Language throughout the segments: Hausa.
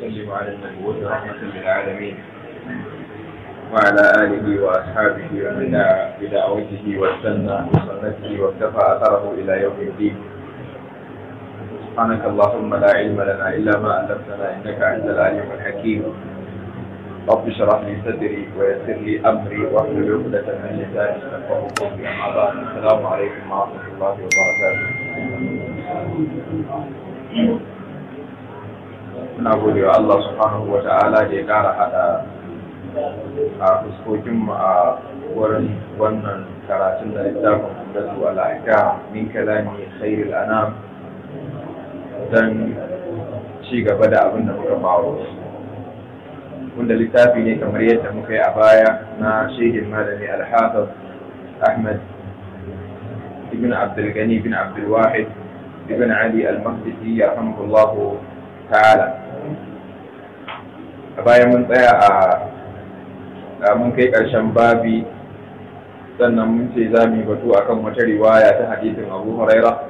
وسلم على المبعوث رحمة للعالمين وعلى آله وأصحابه ومن بدعوته واستنى وسنته واكتفى أثره إلى يوم الدين سبحانك اللهم لا علم لنا إلا ما علمتنا إنك أنت العليم الحكيم رب اشرح لي صدري ويسر لي أمري واحلل عقدة من لساني يفقهوا قولي أما بعد السلام عليكم ورحمة الله وبركاته suna gode wa Allah subhanahu wa ta'ala da ya kara hada a fuskokin mu a wurin wannan karatun da littafin da su ala'ika min kalami khairul anam dan ci gaba da abin da muka faru wanda littafi ne kamar yadda muka yi a baya na shehin malami alhafiz ahmad ibn abdulgani bin abdulwahid ibn ali al-maqdisi rahimahullahu ta'ala a bayan mun tsaya a mun kai ƙarshen babi sannan mun ce za mu yi batu a kan wata riwaya ta hadisin abu huraira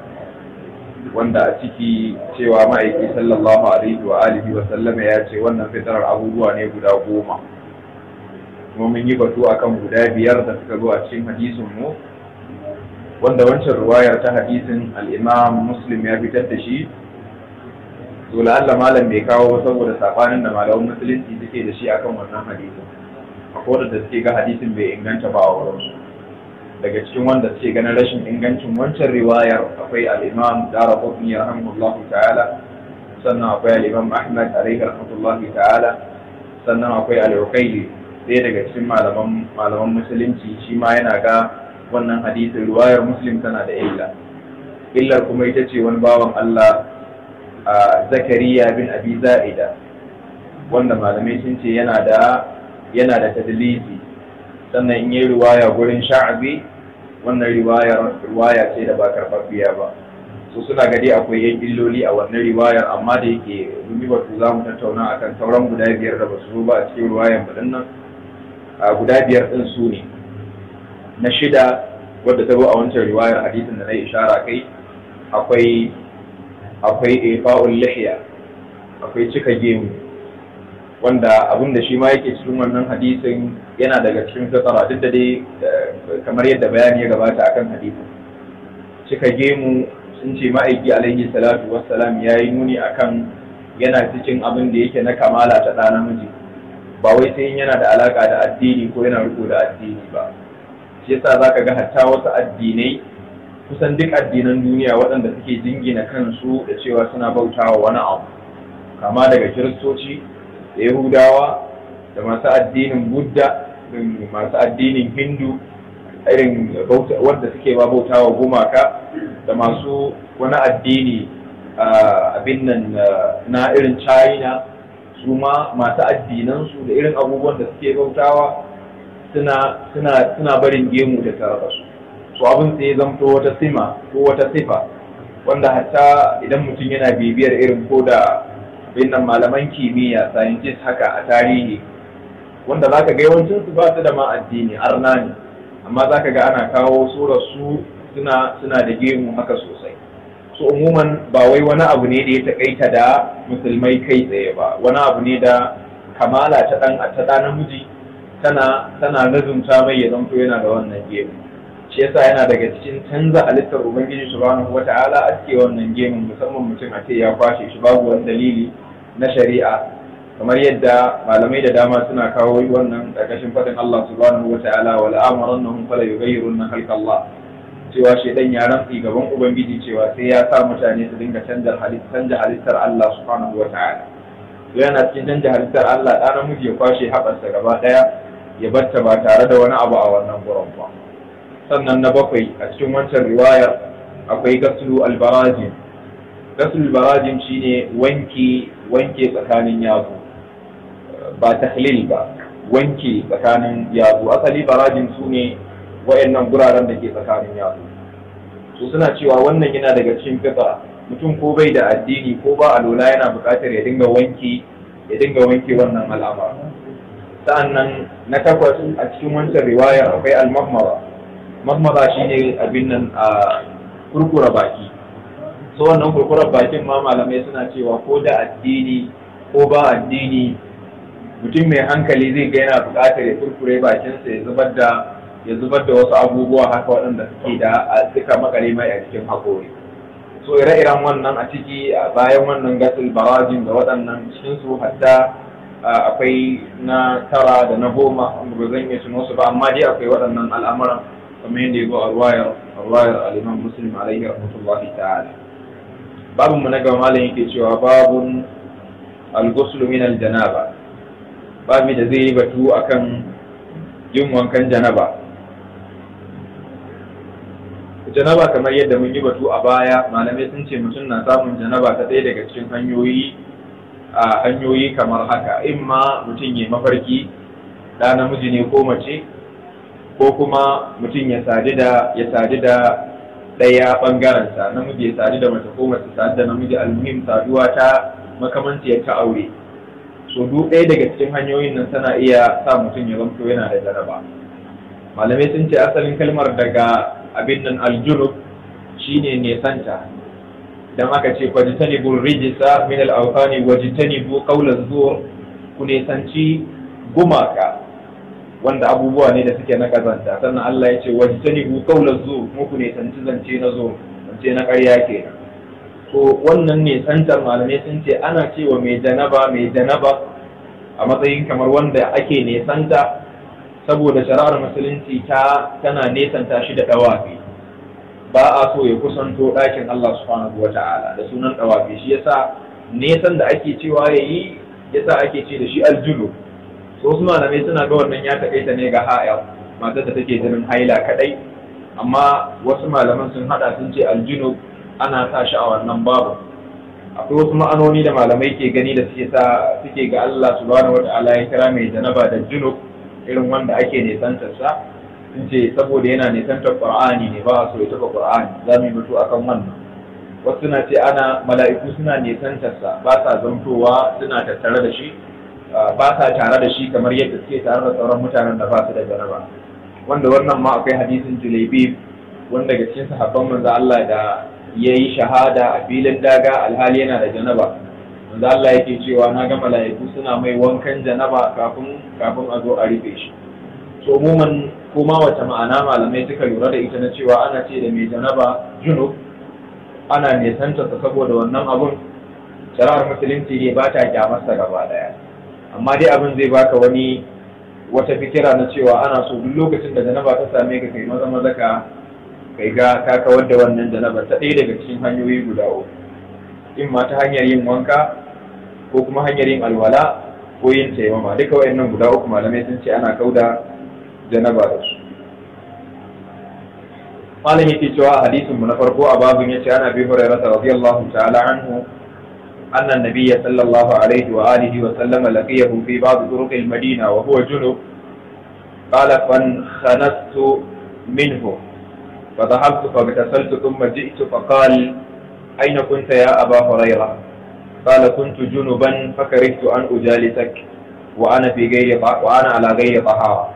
wanda a ciki cewa ma'aiki sallallahu alaihi wa alihi wa sallama ya ce wannan fitarar abubuwa ne guda goma kuma mun yi batu a kan guda biyar da suka zo a cikin hadisin mu wanda wancan riwayar ta hadisin al muslim ya fitar da shi to Allah malam bai kawo ba saboda sabanin da malamin musulunci suke da shi akan wannan hadisin akwai wanda suke ga hadisin bai inganta ba a wurin daga cikin wanda suke ganin rashin ingancin wancan riwayar akwai al-imam Daraqutni rahimahullahu ta'ala sannan akwai al-imam Ahmad alayhi rahmatullahi ta'ala sannan akwai al-Uqayli sai daga cikin malaman malaman musulunci shi ma yana ga wannan hadisin riwayar Muslim tana da illa illar kuma ita ce wani bawan Allah zakariya bin abi za'ida wanda malamai sun ce yana da yana da sannan in yi riwaya gurin sha'abi wannan riwayar riwaya ce da ba karfafiya ba so suna gadi akwai yan illoli a wannan riwayar amma da yake dumi batu za mu tattauna kan sauran guda biyar da ba su zo ba a cikin riwayar mu nan guda biyar din su ne na shida wadda ta zo a wancan riwayar hadisin da na yi ishara kai akwai akwai ifa'ul lihiya akwai cika gemu wanda abin da shi ma yake cikin wannan hadisin yana daga cikin fitara duk da dai eh, kamar yadda bayani ya gabata akan hadisin cika gemu sun ce ma'aiki alaihi salatu wassalam ya yi nuni akan yana cikin abin da yake na kamala ta ɗa namiji ba wai sai yana da alaka da addini ko yana riko da addini ba shi yasa ka ga hatta wasu addinai kusan duk addinan duniya waɗanda suke jingina kansu da cewa suna bautawa wani abu kama daga kiristoci da yahudawa da masu addinin budda da masu addinin hindu irin wadda suke ba bautawa gumaka da masu wani addini abin nan na irin china su ma masu addinansu da irin abubuwan da suke bautawa suna barin gemu da tare da to abin sai zamto wata sima ko wata sifa wanda hatta idan mutum yana bibiyar irin ko da abin malaman kimiyya scientist haka a tarihi wanda za ka ga yawancinsu ba su da ma addini arna ne amma za ka ga ana kawo surar su suna suna da gemu haka sosai so umuman ba wai wani abu ne da ya takaita da musulmai kai tsaye ba wani abu ne da kamala ta dan ta namiji tana tana nazumta mai ya zanto yana da wannan gemu shi yasa yana daga cikin canza halittar ubangiji subhanahu a aske wannan gemun musamman mutum a ce ya kwashe shi babu wani dalili na shari'a kamar yadda malamai da dama suna kawo wannan ƙarƙashin faɗin Allah subhanahu wata'ala wal amrannahum fala yughayyirunna khalqallah cewa shedan ya rantsi gaban ubangiji cewa sai ya sa mutane su dinga canza halittar Allah subhanahu wata'ala yana cikin canza halittar Allah ɗan namiji ya kwashe haɓarsa gaba ɗaya ya batta ba tare da wani abu a wannan gurin ba sannan na bakwai a cikin wancan riwaya akwai gaslu albarajin gaslu albarajin shine wanke wanke tsakanin yatsu ba tahlil ba wanke tsakanin yatsu asali barajin su ne wayannan guraren da ke tsakanin yatsu su suna cewa wannan yana daga cikin fiqa mutum ko bai da addini ko ba alola yana buƙatar ya dinga wanke ya dinga wanke wannan alama. sa'annan na takwas a cikin wancan riwayar akwai al mahmara shi ne abin nan a kurkura baki so wannan kurkura bakin ma malamai suna cewa ko da addini ko ba addini mutum mai hankali zai ga yana bukatar ya kurkure bakinsa ya zubar da ya zubar da wasu abubuwa haka waɗanda suke da suka makare mai a cikin haƙori so ire-iren wannan a ciki a bayan wannan gasil barajin da waɗannan cikin su hatta akwai na tara da na goma ba zan iya tuno su ba amma dai akwai waɗannan al'amuran kamar yadda ya zo a ruwayar ruwayar al-Imam Muslim alaihi rahmatullahi ta'ala Babu mu na gaba malam yake cewa babun al min al-janaba babu da zai yi batu akan yin wankan janaba janaba kamar yadda mun yi batu a baya malamai sun ce mutum na samun janaba ta ɗaya daga cikin hanyoyi a hanyoyi kamar haka imma mutum ya mafarki ɗa namiji ne ko mace ko kuma mutum ya sadu da ya sadu da ɗaya ɓangaren sa namiji ya sadu da mace ko mace sadu da namiji almuhim saduwa ta makamanci ta aure so duk ɗaya daga cikin hanyoyin nan tana iya sa mutum ya zamto yana da jaraba malamai sun ce asalin kalmar daga abin nan aljunub shine nesanta dan aka ce bul rijisa min al-awqani wajtanibu qawla zuwa ku nesanci gumaka wanda abubuwa ne da suke na kazanta sannan Allah ya ce sani ku qawla zo muku ne tantu zance na zo zance na ƙarya ke to wannan ne tsantar malamai sun ce ana cewa mai janaba mai janaba a matsayin kamar wanda ake nesanta saboda shari'ar musulunci ta tana nesanta shi da dawafi ba a so ya kusanto ɗakin Allah subhanahu wata'ala da sunan dawafi shi yasa nesan da ake cewa yayi yasa ake ce da shi aljulu wasu malamai suna ga wannan ya taƙaita ne ga haya matar da take jinin haila kaɗai amma wasu malaman sun haɗa sun ce aljinu ana sa shi a wannan babu akwai wasu ma'anoni da malamai ke gani da suke sa suke ga Allah subhanahu wata'ala ya kira mai janaba da junub irin wanda ake nisantar sa sun ce saboda yana nisantar qur'ani ne ba so ya taba qur'ani za mu yi mutu akan wannan wasu na ce ana mala'iku suna nisantar sa ba sa zantowa suna tattare da shi ba sa tare da shi kamar yadda suke tare da sauran mutanen da ba su da jaraba wanda wannan ma akwai hadisin julebi wanda ga cikin sahabban manzo Allah da ya yi shahada a filin daga alhali yana da janaba manzo Allah yake cewa na ga mala'iku suna mai wankan janaba kafin kafin a zo a rufe shi to umuman kuma wata ma'ana malamai suka lura da ita na cewa ana ce da mai janaba junub ana nesanta saboda wannan abun shari'ar musulunci ne ba ta kyamarsa gaba daya amma dai abin zai baka wani wata fikira na cewa ana so duk lokacin da janaba ta same ka kai maza maza ka kai ga ka kawar da wannan janaba ta ɗaya daga cikin hanyoyi guda uku in ma ta hanyar yin wanka ko kuma hanyar yin alwala ko yin taimama duka wayannan guda uku malamai sun ce ana kauda janaba da su malam yake cewa a hadisin mu na farko a babin ce ana bi hurairata radiyallahu ta'ala anhu أن النبي صلى الله عليه وآله وسلم لقيه في بعض طرق المدينة وهو جنوب قال فانخنست منه فذهبت فاغتسلت ثم جئت فقال أين كنت يا أبا هريرة قال كنت جنبا فكرهت أن أجالسك وأنا في غير وأنا على غير طهارة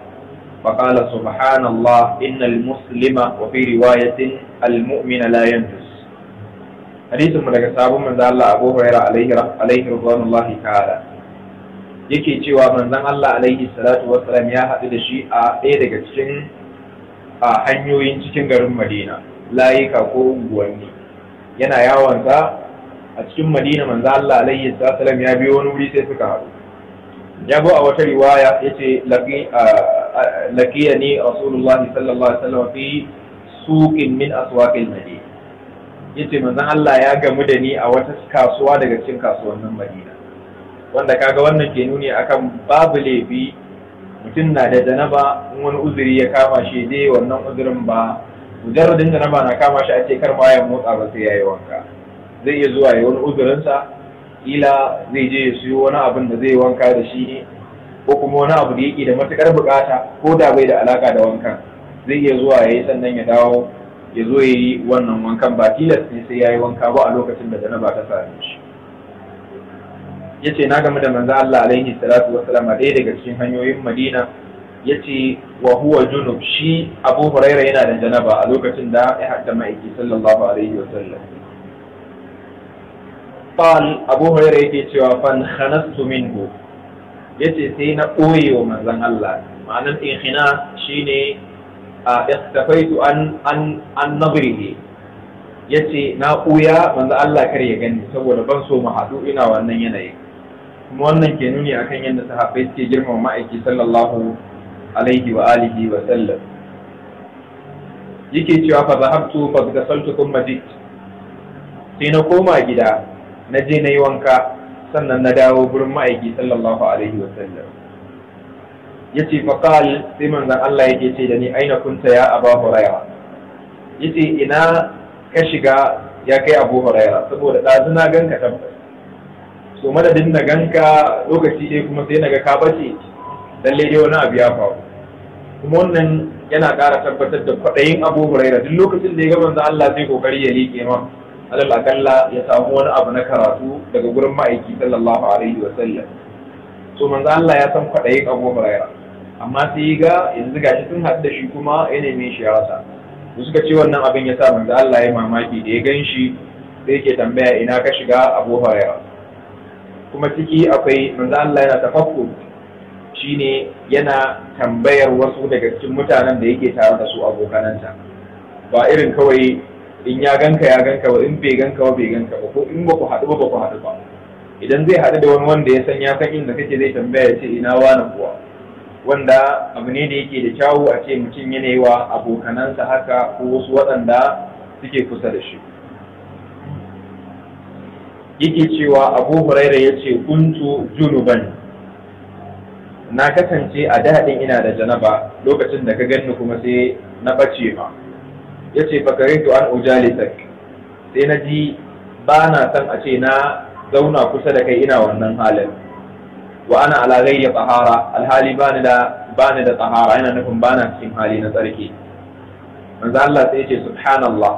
فقال سبحان الله إن المسلم وفي رواية المؤمن لا ينجس hadisin mu daga sabon manzo Allah Abu Hurairah alaihi alaihi radhiyallahu ta'ala yake cewa manzon Allah alaihi salatu wassalam ya haɗu da shi a ɗaya daga cikin a hanyoyin cikin garin Madina layika ko unguwanni yana yawon sa a cikin Madina manzo Allah alaihi salatu wassalam ya biyo wani wuri sai suka haɗu ya go a wata riwaya yace laqi laqiyani rasulullahi sallallahu alaihi wasallam fi suqin min aswaqil madina yace manzon Allah ya gamu da ni a wata kasuwa daga cikin kasuwannin Madina wanda kaga wannan ke nuni akan babu laifi mutum na da janaba in wani uzuri ya kama shi dai wannan uzurin ba mujarradin janaba na kama shi a ce kar ma ya motsa ba sai yayi wanka zai iya zuwa ya wani uzurinsa ila zai je ya siyo wani abin da zai yi wanka da shi ne ko kuma wani abu da yake da matukar bukata ko da bai da alaka da wankan zai iya zuwa ya yi sannan ya dawo ya zo ya yi wannan wankan ba tilas ne sai ya yi wanka ba a lokacin da janaba ta same shi ya ce na game da manzo Allah alaihi salatu ɗaya daga cikin hanyoyin Madina ya ce wa huwa junub shi Abu Huraira yana da janaba a lokacin da ya hadda ma'aiki sallallahu alaihi sallam fal Abu Huraira yake cewa fan khanastu minhu yace sai na ɓoye wa manzan Allah ma'anar inhina shine iktafaitu an an an nadrihi yace na ɓuya manzo Allah kar ya gani saboda ban so mu haɗu ina wannan yanayi kuma wannan ke nuni akan yadda sahabbai suke girmama ma'aiki sallallahu alaihi wa alihi wa sallam yake cewa fa zahabtu fa gasaltu thumma jit sai na koma gida na je na yi wanka sannan na dawo gurin ma'aiki sallallahu alaihi wa sallam Ya yace faqal sai manzan Allah yake ce da ni aina kunta ya Abu Hurairah yace ina ka shiga ya kai Abu Hurairah saboda dazu gan ganka tabbas so madadin na ganka lokaci dai kuma sai naga ka bace lalle dai wani abu ya faru kuma wannan yana ƙara tabbatar da kwaɗayin Abu Hurairah duk lokacin da ya ga manzon Allah sai kokari ya liƙe ma alal akalla ya samu wani abu na karatu daga gurin ma'aiki sallallahu alaihi wa sallam to manzo Allah ya san kwaɗayin Abu Hurairah amma sai yi ga yanzu gashi sun haɗu da shi kuma ilimin shi ya wasa da suka ce wannan abin ya sa manzo Allah ya mamaki da ya gan shi sai yake tambaya ina ka shiga Abu Hurairah kuma ciki akwai manzo Allah yana tafakkur shine yana tambayar wasu daga cikin mutanen da yake tare da su abokananta ba irin kawai in ya ganka ya ganka ba in bai ganka ba bai ganka ba ko in ba ku haɗu ba ba ku haɗu ba idan zai haɗu da wani wanda ya san ya san inda kake zai tambaya ya ce ina wa nan kuwa wanda abu ne da yake da kyawu a ce mutum yanayi wa abokanansa haka ko wasu waɗanda suke kusa da shi yake cewa abu huraira ya ce kuntu junuban na kasance a daɗin ina da janaba lokacin da ka gani kuma sai na ɓace ma ya ce fakaritu an ujalisak sai na ji ba na son a ce na zauna kusa da kai ina wannan halin wa ana ala ghairi tahara alhali bani da bani da yana nufin bana cikin hali na tsarki manzo Allah sai yace subhanallah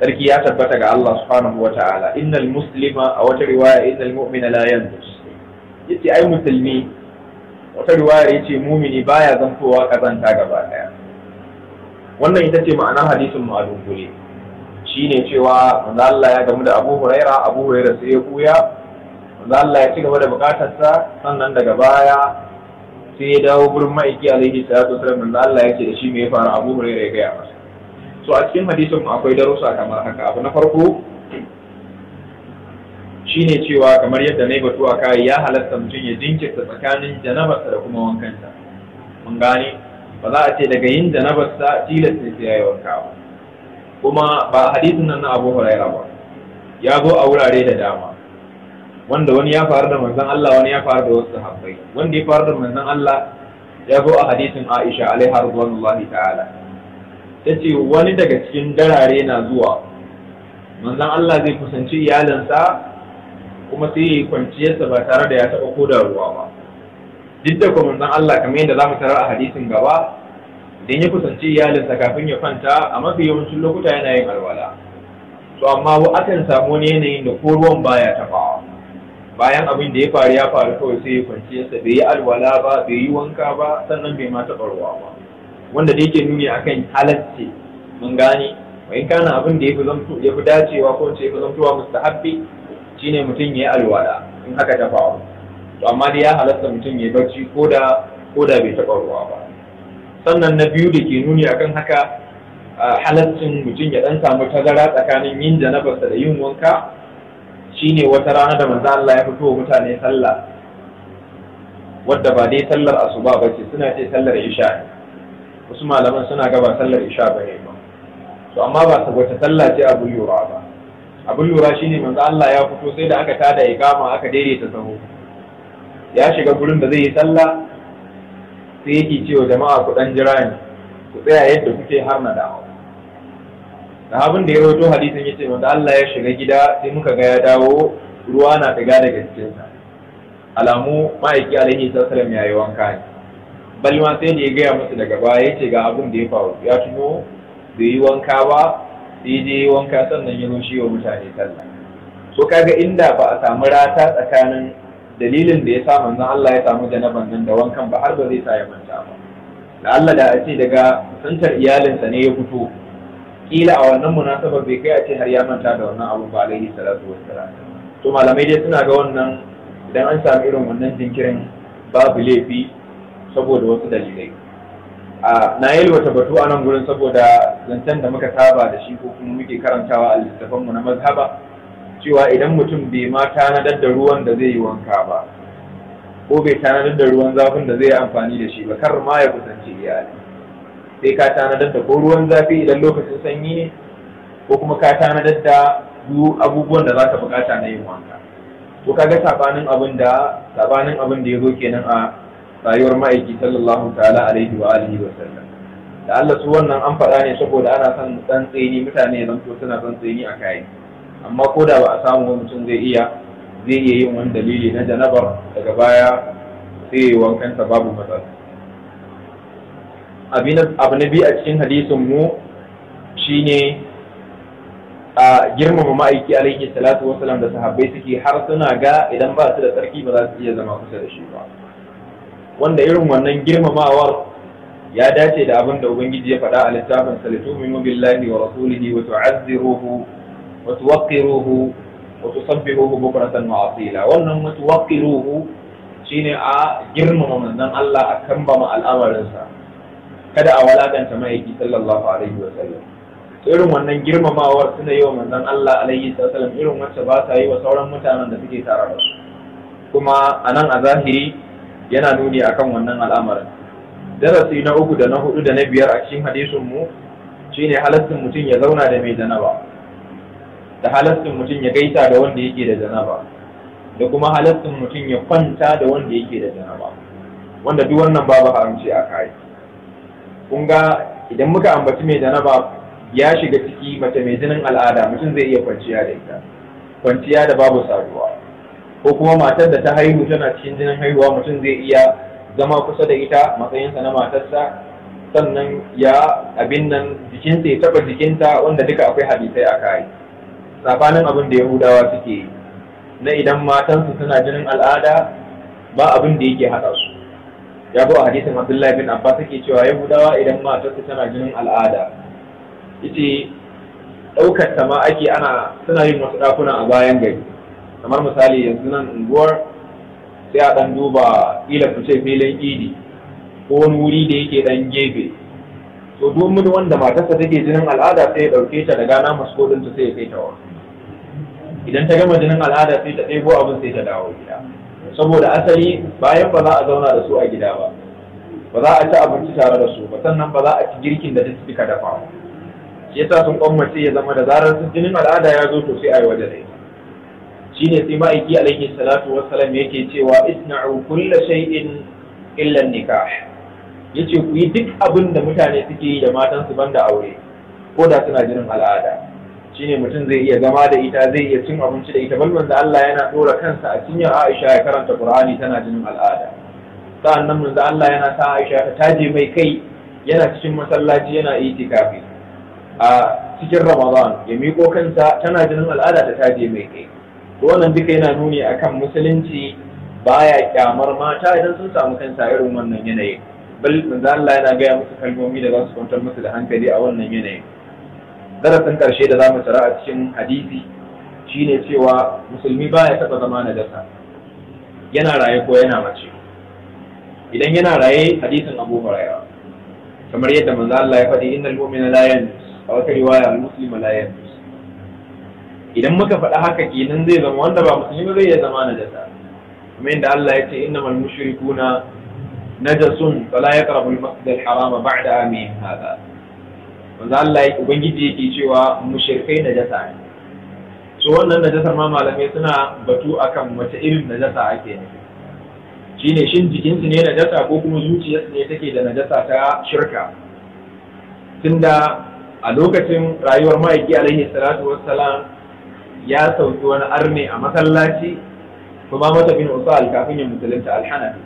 tsarki ya tabbata ga Allah subhanahu wa ta'ala innal muslima a wata riwaya innal mu'mina la yanzus yace ai musulmi wata riwaya yace mumini baya zantowa kazanta gaba daya wannan ita ce ma'anar hadisin ma'adun gure shine cewa manzo Allah ya gamu da Abu Huraira Abu Huraira sai ya kuya za Allah ya ci gaba da bukatarsa sannan daga baya sai ya dawo gurin ma'aiki alaihi salatu wasallam da Allah ya ce da shi me ya fara Abu Hurairah ya gaya masa so a cikin hadisin akwai darussa kamar haka abu na farko shine cewa kamar yadda na yi batu a ya halatta mutum ya jinkirta tsakanin janabarsa da kuma wankansa mun gane ba za a ce daga yin janabarsa tilasta ya yi wanka ba kuma ba hadisin nan na Abu Hurairah ba ya zo a wurare da dama wanda wani ya faru da manzon Allah wani ya faru da wasu sahabbai wanda ya faru da manzon Allah ya zo a hadisin Aisha alaiha radhiyallahu ta'ala tace wani daga cikin darare na zuwa manzon Allah zai kusanci iyalinsa kuma sai ya kwanciyarsa ba tare da ya taba koda ruwa ba duk da kuma manzon Allah kamar yadda zamu tarar a hadisin gaba idan ya kusanci iyalinsa kafin ya kwanta a mafi yawancin lokuta yana yin alwala to amma akan samu wani yanayin da ko ruwan baya tafawa bayan abin da ya faru ya faru kawai sai ya kwanciyarsa bai yi alwala ba bai yi wanka ba sannan bai ma taɓa ba wanda da yake nuni akan halacce mun gane wai kana abin da ya fi dacewa ko ce ya fi zamtowa mustahabbi shine mutum ya yi alwala in haka ta faru to amma dai ya halatta mutum ya barci ko da ko da bai taɓa ruwa ba sannan na biyu da ke nuni akan haka halaccin mutum ya ɗan samu tazara tsakanin yin janabarsa da yin wanka shine wata rana da manzo Allah ya fito mutane sallah wadda ba dai sallar asuba ba ce suna ce sallar isha ne, wasu malaman suna gaba sallar isha ba ne ba to amma ba wata sallah ce abu lura ba abu lura shine manzo Allah ya fito sai da aka tada kama aka daidaita sahu ya shiga gurin da zai yi sallah sai yake cewa jama'a ku dan jira ni ku tsaya yadda kuke har na dawo abin da ya rawaito ya ce wanda Allah ya shiga gida sai muka ga ya dawo ruwa na daga daga cikinsa alamu ma'aiki alaihi sassalam ya yi wanka ne balima sai da ya gaya musu daga baya ya ce ga abin da ya faru ya tuno bai yi wanka ba sai dai yi wanka sannan ya rushe wa mutane sallah so kaga inda ba a samu rata tsakanin dalilin da ya sa manzon Allah ya samu janaban nan da wankan ba har ba zai sa ya manta ba da Allah da a ce daga kusantar iyalinsa ne ya fito kila a wannan munasabar bai kai a ce har ya manta da wannan abu ba alaihi salatu wassalam to malamai dai suna ga wannan idan an samu irin wannan jinkirin babu laifi saboda wasu dalilai a na wata batu a nan gurin saboda zancen da muka saba da shi ko kuma muke karantawa a littafanmu na mazhaba cewa idan mutum bai ma tanadar da ruwan da zai yi wanka ba ko bai tanadar da ruwan zafin da zai yi amfani da shi ba kar ma ya kusance iyali sai ka tanadar da ko ruwan zafi idan lokacin sanyi ne ko kuma ka tanadar da duk abubuwan da za ka bukata na yin wanka to kaga sabanin abin da sabanin abin da ya zo kenan a rayuwar ma'aiki sallallahu ta'ala alaihi wa alihi wa sallam da Allah su wannan an faɗa ne saboda ana son dan tsaini mutane ya zanto suna son tsaini a kai amma ko da ba a samu mutum zai iya zai iya yin wani dalili na janabar daga baya sai wankansa babu matsala abu na biyu a cikin hadisin mu shine a girmama ma'aiki alaihi salatu wasalam da sahabbai suke har suna ga idan ba su da tsarki ba za su iya zama kusa da shi ba wanda irin wannan girmamawar ya dace da abin da ubangiji ya faɗa a littafin Salatu salitu'minu billahi wa rasulihi wa tu'azziruhu wa tuwaqqiruhu wa tusabbihuhu bukratan wa asila wannan wa shine a girmama manzon Allah a kambama al'amarinsa kada a walakanta ma'aiki sallallahu alaihi wa sallam irin wannan girmamawar suna yi wa manzon Allah alaihi sallam irin wacce ba sa yi wa sauran mutanen da suke tare da su kuma a nan a zahiri yana nuni akan wannan al'amarin darasi na uku da na hudu da na biyar a cikin hadisin mu shine halastin mutum ya zauna da mai janaba da halastin mutum ya gaita da wanda yake da janaba da kuma halastin mutum ya kwanta da wanda yake da janaba wanda duk wannan babu haramci a kai kun ga idan muka ambaci mai janaba ya shiga ciki mace mai jinin al'ada mutum zai iya kwanciya da ita kwanciya da babu saduwa ko kuma matar da ta haihu tana cikin jinin haihuwa mutum zai iya zama kusa da ita matsayinsa na matarsa sannan ya abin nan jikinsa ya taɓa jikinta wanda duka akwai hadisai a kai tsakanin abin da yahudawa suke yi, na idan matansu suna jinin al'ada ba abin da yake haɗa su ya zo a hadisin abdullahi bin abbas yake cewa yahudawa idan matarsa tana jinin al'ada ita daukar ta ma ake ana suna yin wasu ɗakuna a bayan gari kamar misali yanzu nan unguwar sai a ɗan duba ƙila ku ce filin idi ko wani wuri da yake ɗan gefe to domin wanda matarsa take jinin al'ada sai ya ɗauke ta da gana masu ta sai ya kai ta wa idan ta gama jinin al'ada sai ta ɗebo abin sai ta dawo gida saboda asali bayan ba za a zauna da su a gida ba ba za a ci abinci tare da su ba sannan ba za a ci girkin da duk suka dafa ba shi yasa sun kwammace ya zama da zarar sun jinin al'ada ya zo sosai sai a yi waje da ita ne sai ma'aiki alaihi salatu wassalam yake cewa isna'u kulla shay'in illa nikah yace ku yi duk abin da mutane suke yi da matansu banda aure ko da suna jinin al'ada shine mutum zai iya zama da ita zai iya cin abinci da ita balman da Allah yana dora kansa a cinyar Aisha ya karanta Qur'ani tana jinin al'ada sa'annan manzo Allah yana sa Aisha ta taje mai kai yana cikin masallaci yana itikafi a cikin Ramadan ya miko kansa tana jinin al'ada ta taje mai kai to wannan duka yana nuni akan musulunci baya kyamar mata idan sun samu kansa irin wannan yanayin bal manzo Allah yana gaya musu kalmomi da za su kwantar musu da hankali a wannan yanayin darasin ƙarshe da za mu tara a cikin hadisi shine cewa musulmi baya taba zama najasa yana raye ko yana mace idan yana raye hadisin Abu Hurairah kamar yadda manzo Allah ya faɗi innal mu'mina la yanjus a wata riwaya al muslima la yanjus idan muka faɗi haka kenan zai zama wanda ba musulmi zai ya zama najasa kuma inda Allah ya ce innamal mushrikuna najasun fala yaqrabu al masjid al harama ba'da amihim hada wanda Allah ya ubangiji yake cewa na najasa ne so wannan najasar ma malamai suna batu akan wace irin najasa ake ne shine shin jikinsu ne najasa ko kuma zuciyarsu ne take da najasa ta shirka tunda a lokacin rayuwar ma'aiki alaihi salatu wassalam ya sauki wani arne a masallaci kuma mata bin usal kafin ya musulunta alhana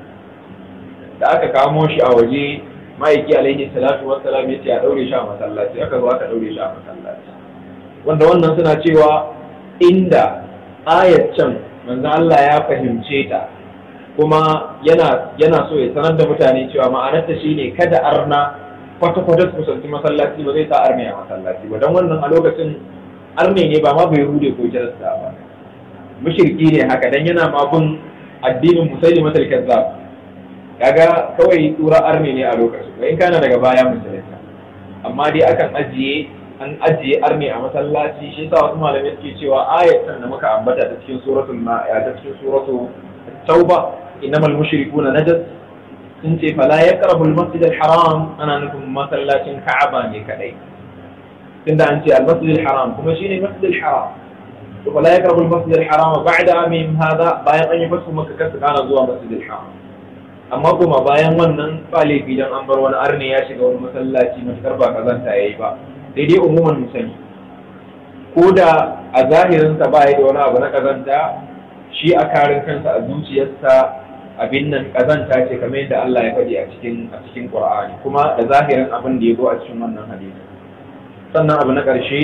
da aka kamo shi a waje ma'aiki alaihi salatu wassalam ya ce a daure shi a masallaci aka zo aka daure shi a masallaci wanda wannan suna cewa inda ayat can manzo Allah ya fahimce ta kuma yana so ya sanar da mutane cewa ma'anarta ne kada arna kwata kwata su kusanci masallaci ba zai sa arne a masallaci ba dan wannan a lokacin arne ne ba ma bai rude ko jarasta ba mushirki ne haka dan yana ma bin addinin musailimatul kazzab kaga kawai tura arne ne a lokacin in kana daga baya musulunta amma dai akan ajiye an ajiye arne a masallaci shi yasa wasu malamai suke cewa ayatan da muka ambata ta cikin suratul ta cikin suratu tauba innamal mushrikuna najas sun ce fala yaqrabu masjid al-haram ana nufin masallacin ka'aba ne kadai tunda an ce al-masjid al-haram kuma shine masjid al-haram to fala yaqrabu al-masjid al-haram ba'da amim hada bayan an yi fasu maka kasu kana zuwa masjid al-haram amma kuma bayan wannan fale bidan an bar wani arne ya shiga wani masallaci matuƙar ba kazanta yayi ba sai dai umuman mu sani ko da a zahirinsa ba ya da wani abu na kazanta shi a karin kansa a zuciyarsa abin nan kazanta ce kamar yadda Allah ya faɗi a cikin a cikin Qur'ani kuma da zahirin abin da ya zo a cikin wannan hadisi sannan abu na ƙarshe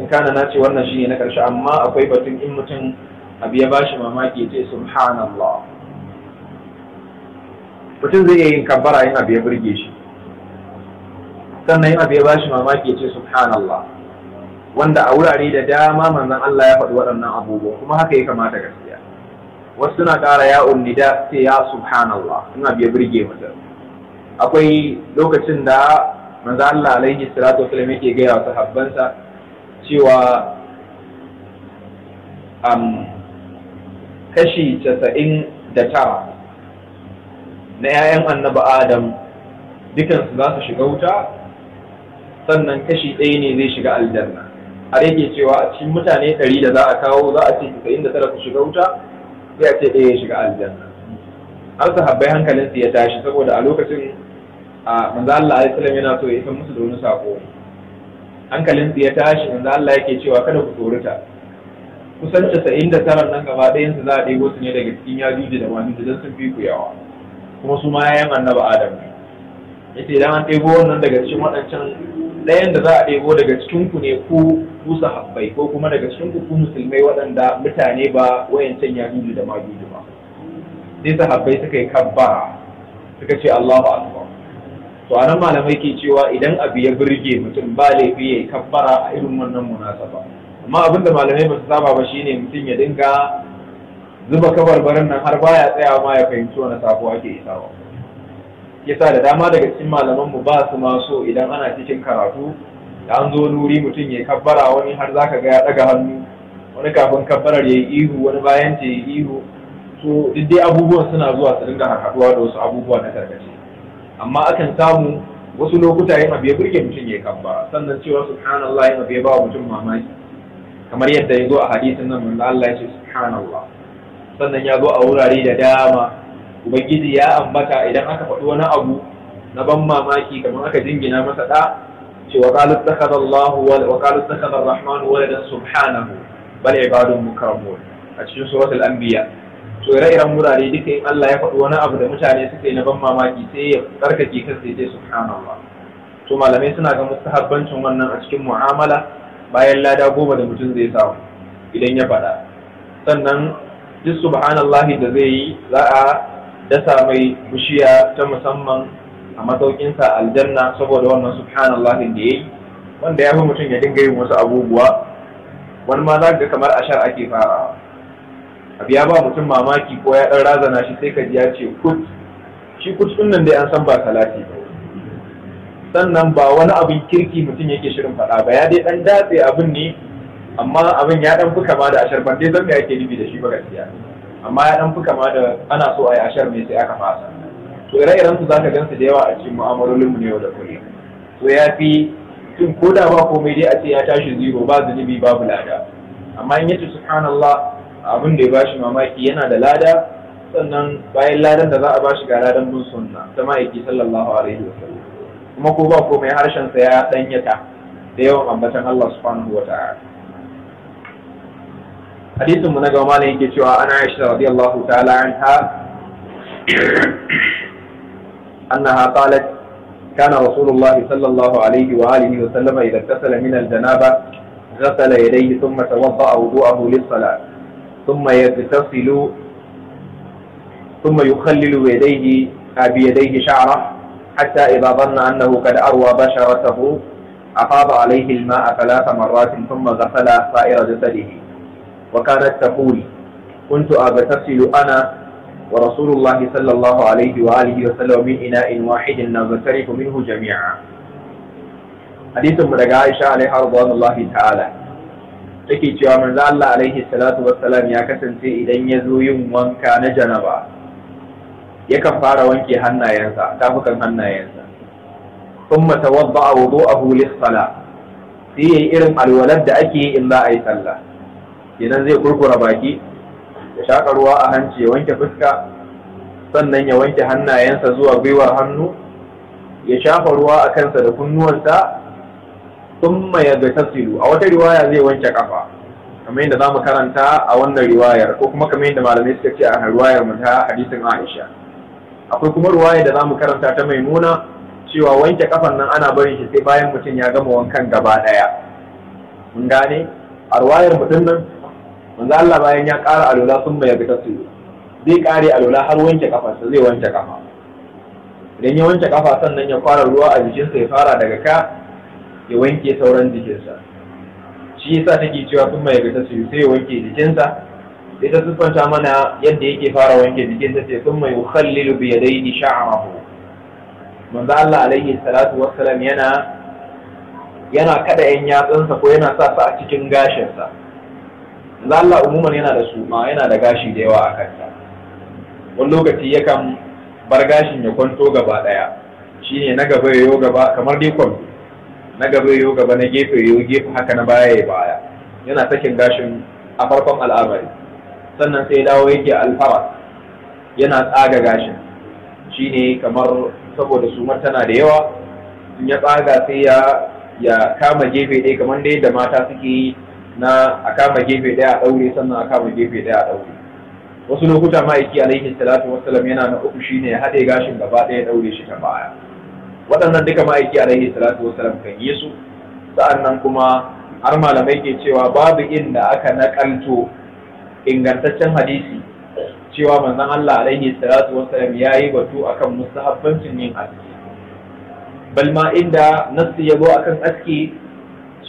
in kana na ce wannan shine na ƙarshe amma akwai batun in mutum abu ya bashi mamaki ya ce subhanallah mutum zai iya yin kabbara yin abu ya burge shi sannan yin abu ya bashi mamaki ya ce subhanallah wanda a wurare da dama manzon Allah ya faɗi waɗannan abubuwa kuma haka ya kamata gaskiya wasu suna ƙara ya da, sai ya subhanallah in abu ya burge mutum akwai lokacin da manzon Allah alaihi salatu wasallam yake gaya wa sahabbansa cewa kashi casa'in da tara na 'ya'yan annaba adam dukansu za su shiga wuta sannan kashi ɗaya ne zai shiga aljanna a rage cewa a cikin mutane ɗari da za a kawo za a ce casa'in da tara su shiga wuta sai a ce ɗaya ya shiga aljanna har su hankalin hankalinsu ya tashi saboda a lokacin a manzo Allah alaihi yana so ya isa musu da wani sako hankalinsu ya tashi manzo Allah yake cewa kada ku tsorata kusan casa'in da nan gaba ɗayan su za a ɗebo su ne daga cikin yajuji da wani da sun fi ku yawa kuma su ma yayan annabi adam yace dan an ɗebo wannan daga cikin waɗancan ɗayan da za a ɗebo daga cikin ku ne ku ku sahabbai ko kuma daga cikin ku ku musulmai waɗanda mutane ba wayancan ya yi da ma dudu ba sai sahabbai suka yi kabba suka ce Allahu akbar to anan malamai ke cewa idan abu ya burge mutum ba laifi yayi kabbara a irin wannan munasaba amma abinda malamai ba su saba ba shine mutum ya dinga zuba barin nan har baya tsaya ma ya fahimci wani sako ake isawa yasa da dama daga cikin malaman mu ba su ma so idan ana cikin karatu da an zo nuri mutum ya kabbara wani har zaka ga ya daga hannu wani kafin kabbarar ya yi ihu wani bayan ta yi ihu so duk dai abubuwan suna zuwa su dinga haɗuwa da wasu abubuwa na tarkace amma akan samu wasu lokuta yin abu ya burge mutum ya kabbara sannan cewa subhanallah yin abu ya ba mutum mamaki kamar yadda ya zo a hadisin nan mun Allah ya ce subhanallah sannan ya zo a wurare da dama ubangiji ya ambata idan aka faɗi wani abu na ban mamaki kamar aka jingina masa da cewa qalu takhadha Allahu wa qalu takhadha ar-rahman waladan subhanahu bal ibadun mukarramun a cikin suratul anbiya to ire-iren wurare duka in Allah ya faɗi wani abu da mutane suke na ban mamaki sai ya tsarkake kansa ya ce subhanallah to malamai suna ga mustahabbancin wannan a cikin mu'amala bayan lada goma da mutum zai samu idan ya faɗa sannan duk subhanallah da zai yi za a dasa mai bishiya ta musamman a masaukinsa aljanna saboda wannan subhanallah da ya yi wanda ya fi mutum ya dinga yin wasu abubuwa wani ma za ga kamar ashar ake fara abu ya ba mutum mamaki ko ya ɗan razana shi sai ka ji ya ce kut shi kut nan dai an san ba salati sannan ba wani abin kirki mutum yake shirin faɗa ba ya dai ɗan datse abin ne amma abin ya dan fi kama da ashar ban dai zan me ake nufi da shi ba gaskiya amma ya dan fi kama da ana so a yi ashar mai sai aka fasa to ire-iren su zaka gansu da yawa a cikin mu'amalolin mu ne yau da kullum to ya fi tun ko da ba komai dai a ce ya tashi zero ba zunubi babu lada amma in yace subhanallah abin da ya bashi mamaki yana da lada sannan bayan ladan da za a bashi ga ladan bin sunna ta ma'aiki sallallahu alaihi wa sallam kuma ko ba komai harshen sa ya danyata da yawan ambatan Allah subhanahu wa ta'ala hadisin mu na gaba malam yake cewa ana Aisha radiyallahu ta'ala anha annaha qalat kana rasulullah sallallahu alaihi wa alihi wa sallama idza tasala min al-janaba غسل يديه ثم توضأ وضوءه للصلاة ثم يغتسل ثم يخلل بيديه بيديه شعره حتى إذا ظن أنه قد أروى بشرته أفاض عليه الماء ثلاث مرات ثم غسل سائر جسده وكانت تقول كنت أغتسل أنا ورسول الله صلى الله عليه وآله وسلم من إناء واحد نغترف منه جميعا حديث من عائشة عليها رضوان الله تعالى take cewa manzo Allah alaihi salatu wassalam ya kasance idan ya zo yin wanka na janaba yakan fara wanke hannayensa tafukan hannayensa a tawadda'a wudu'ahu lis-salah sai yayi irin alwalar da ake yi in za a yi sallah kenan zai kurkura baki ya shaƙa ruwa a hanci ya wanke fuska sannan ya wanke hannayensa zuwa gwiwar hannu ya shafa ruwa a kansa da kunnuwansa sun ya ga tasilu a wata riwaya zai wanke kafa kamar yadda mu karanta a wannan riwayar ko kuma kamar yadda malamai suka ce a riwayar mu ta hadisin Aisha akwai kuma riwaya da za mu karanta ta mai nuna cewa wanke kafan nan ana barin shi sai bayan mutum ya gama wankan gaba daya mun gane a riwayar mutum nan manzo Allah bayan ya ƙara alwala sun mai yabi tasiri zai ƙare alwala har wanke kafarsa zai wanke kafa idan ya wanke kafa sannan ya fara ruwa a jikinsa ya fara daga ka ya wanke sauran jikinsa shi yasa take cewa sun mai yabi tasiri sai ya wanke jikinsa sai ta siffanta mana yadda yake fara wanke jikinsa sai sun mai yukhallilu bi yadayhi sha'rahu manzo Allah alaihi salatu wassalam yana yana kada yan yatsunsa ko yana sa su a cikin gashinsa lalla umuman yana da suma yana da gashi da yawa a kanta wani lokaci yakan bar gashin ya kwanto gaba daya shine na gaba ya yo gaba kamar dai kwan na gaba ya yo gaba na gefe ya yo, gefe haka na baya ya baya yana sakin gashin a farkon al'amari sannan sai dawo yake alfara yana tsaga gashin shine kamar saboda su tana da yawa in ya tsaga sai ya kama gefe ɗaya kamar dai da mata suke yi na a kama gefe ɗaya a ɗaure sannan a kama gefe ɗaya a ɗaure. wasu lokuta ma'aiki alaihi salatu wassalam yana na uku shine ya haɗe gashin gaba ɗaya ɗaure shi ta baya waɗannan duka ma'aiki alaihi salatu wassalam kan yi su sa'annan kuma har malamai ke cewa babu inda aka nakalto ingantaccen hadisi cewa manzon Allah alaihi salatu wassalam yi batu akan mustahabbancin yin aski bal ma inda nassi ya zo akan aski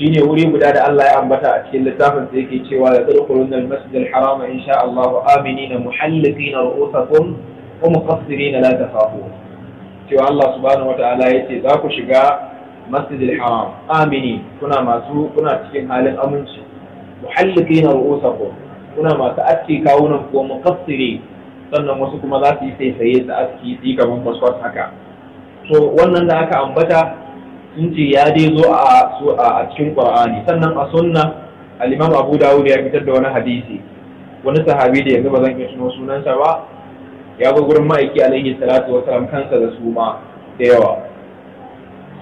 ne wuri guda da Allah ya ambata a cikin littafin sa yake cewa la tadkhulun al-masjid al-haram sha Allah aminina muhalliqina ru'usakum wa na la takhafun cewa Allah subhanahu ya ce za ku shiga masjid al-haram amini kuna masu kuna cikin halin aminci muhalliqina ru'usakum kuna masu aski kawunan ko muqassiri sannan wasu kuma za su yi sai su aski su yi gaban haka to wannan da aka ambata sun ce ya dai zo a so a cikin qur'ani sannan a sunna al-imam abu dawud ya fitar da wani hadisi wani sahabi da yanzu ba zan iya suno sunansa ba ya ga gurin ma'aiki alaihi salatu wasalam kansa da suma da yawa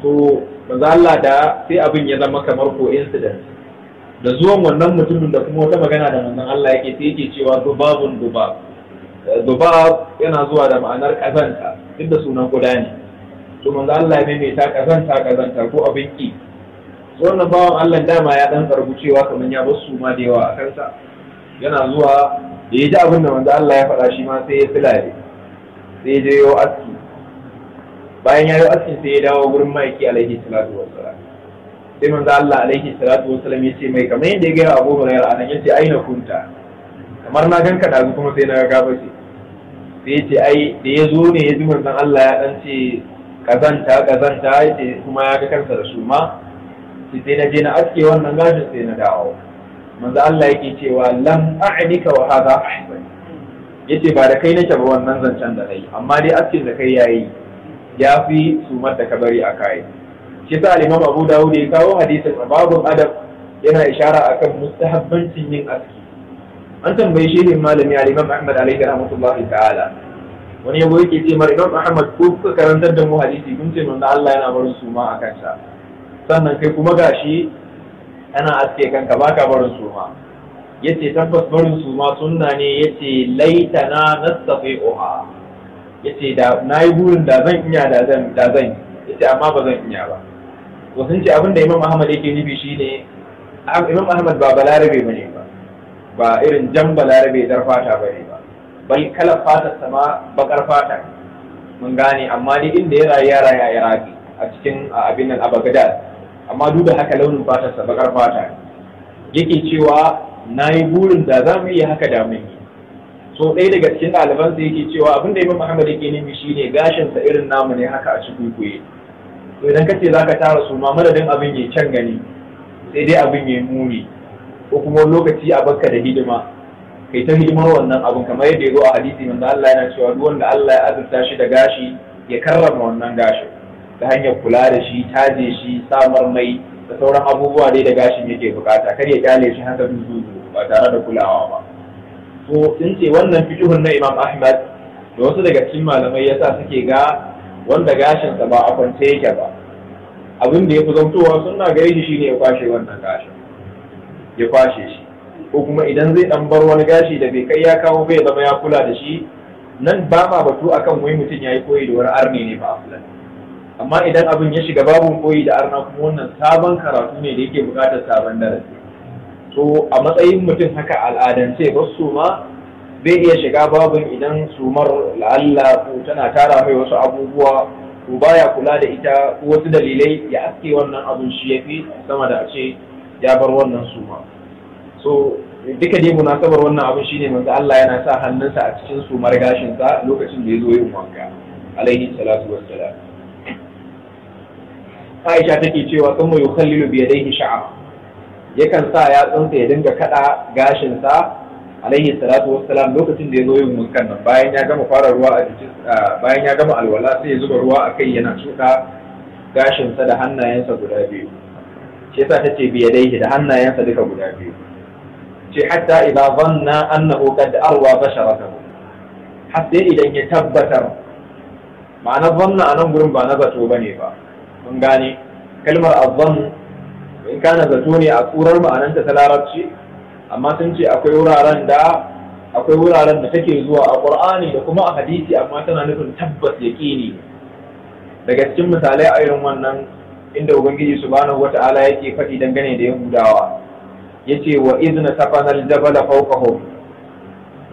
so manzo Allah da sai abin ya zama kamar ko incident da zuwan wannan mutumin da kuma wata magana da manzon Allah yake sai yake cewa dubabun dubab dubab yana zuwa da ma'anar kazanta duk da sunan guda ne to manzo Allah ne mai ta kazanta kazanta ko abin ki so wannan bawan Allah dama ya dan karbu cewa kamar ya bar su ma da yawa a kansa yana zuwa da ya ji abin da manzo Allah ya faɗa shi ma sai ya filare sai ya yi aski bayan ya yi aski sai ya dawo gurin ma'aiki alaihi salatu wassalam sai manzo Allah alaihi salatu wassalam ya ce mai kamar yadda ya gaya Abu Hurairah anan yace aina kunta kamar na ganka da kuma sai na ga gaba sai ya ce ai da ya zo ne ya ji manzon Allah ya dan ce kazanta kazanta ya ce kuma ya ga kansa da suma sai na je na aske wannan gashin sai na dawo manzo Allah yake cewa lam a'nika wa hadha ahsan yace ba da kai nake ba wannan zancen da nayi amma dai askin da kai yayi ya fi sumar da kabari a kai shi sa imam Abu Dawud ya kawo hadisin babun adab yana ishara akan mustahabbancin yin aski an tambaye shi ne malami al-Imam Ahmad alaihi rahmatullahi ta'ala wani yabo yake ce mar idan Ahmad ko kuka karantar da mu hadisi kun ce manzo Allah yana barin suma a kansa sannan kai kuma gashi ana aske kanka baka barin suma yace tabbas barin suma sunna ne yace laitana nastafi'uha yace da nayi burin da zan iya da zan da zan yace amma ba zan iya ba to sun ce abinda Imam Ahmad yake nufi shine Imam Ahmad ba balarabe bane ba ba irin jan balarabe dar fata bane ba bai kalar fatar sama bakar fata mun gane amma ni inda ya rayu ya rayu ya rabi a cikin abin nan abagadar amma duk da haka launin fatarsa bakar fata yake cewa na yi burin da za mu iya haka da mun yi so ɗaya daga cikin ɗalibansa yake cewa abin da imam muhammad yake nufi shine gashinsa irin namu ne haka a cikin kuye to idan kace ka tara su ma madadin abin ya can gani sai dai abin ya muni ko kuma lokaci a bakka da hidima kai ta hidimar wannan abun kamar yadda ya zo a hadisi manzo Allah yana cewa duk wanda Allah ya azurta shi da gashi ya karrama wannan gashin ta hanyar kula da shi taje shi samar mai da sauran abubuwa dai da gashin yake bukata kar ya kyale shi haka dudu ba tare da kulawa ba to sun ce wannan fiqhun na Imam Ahmad da wasu daga cikin malamai yasa suke ga wanda gashinsa ba a kwance yake ba abin da ya fi zantowa suna gare shi shine ya kwashe wannan gashin ya kwashe shi ko kuma idan zai dan bar wani gashi da bai kai ya kawo bai zama ya kula da shi nan ba ma batu akan wai mutum ya yi koyi da wani arni ne ba a amma idan abin ya shiga babun koyi da arna kuma wannan sabon karatu ne da yake buƙatar sabon darasi to a matsayin mutum haka al'adance ba su ma zai iya shiga babin idan sumar la'alla ko tana tara mai wasu abubuwa ko baya kula da ita ko wasu dalilai ya aske wannan abun shi ya fi sama da a ce ya bar wannan suma. so duka ne munasabar wannan abin shine manzo Allah yana sa hannunsa a cikin su margashin sa lokacin da ya zo yin wanka alaihi salatu wassalam Aisha take cewa kan mu yukhallilu bi yadayhi sha'a yakan sa yatsunsa ya dinga kada gashin sa alaihi salatu wassalam lokacin da ya zo yin wankan nan bayan ya gama fara ruwa a cikin bayan ya gama alwala sai ya zuba ruwa a kai yana gashin gashinsa da hannayensa guda biyu shi yasa tace bi yadayhi da hannayensa duka guda biyu ce hatta idza zanna annahu qad arwa basharatahu hatta idan ya tabbatar ma'ana zanna a gurin ba na zato bane ba mun gane kalmar azzan in kana zato ne a tsurar ma'anarta ta larabci amma sun ce akwai wuraren da akwai wuraren da take zuwa a qur'ani da kuma a hadisi amma tana nufin tabbas yaqini daga cikin misalai a irin wannan inda ubangiji subhanahu wata'ala yake faɗi dangane da yahudawa yace wa idna taqana al-jabala fawqahum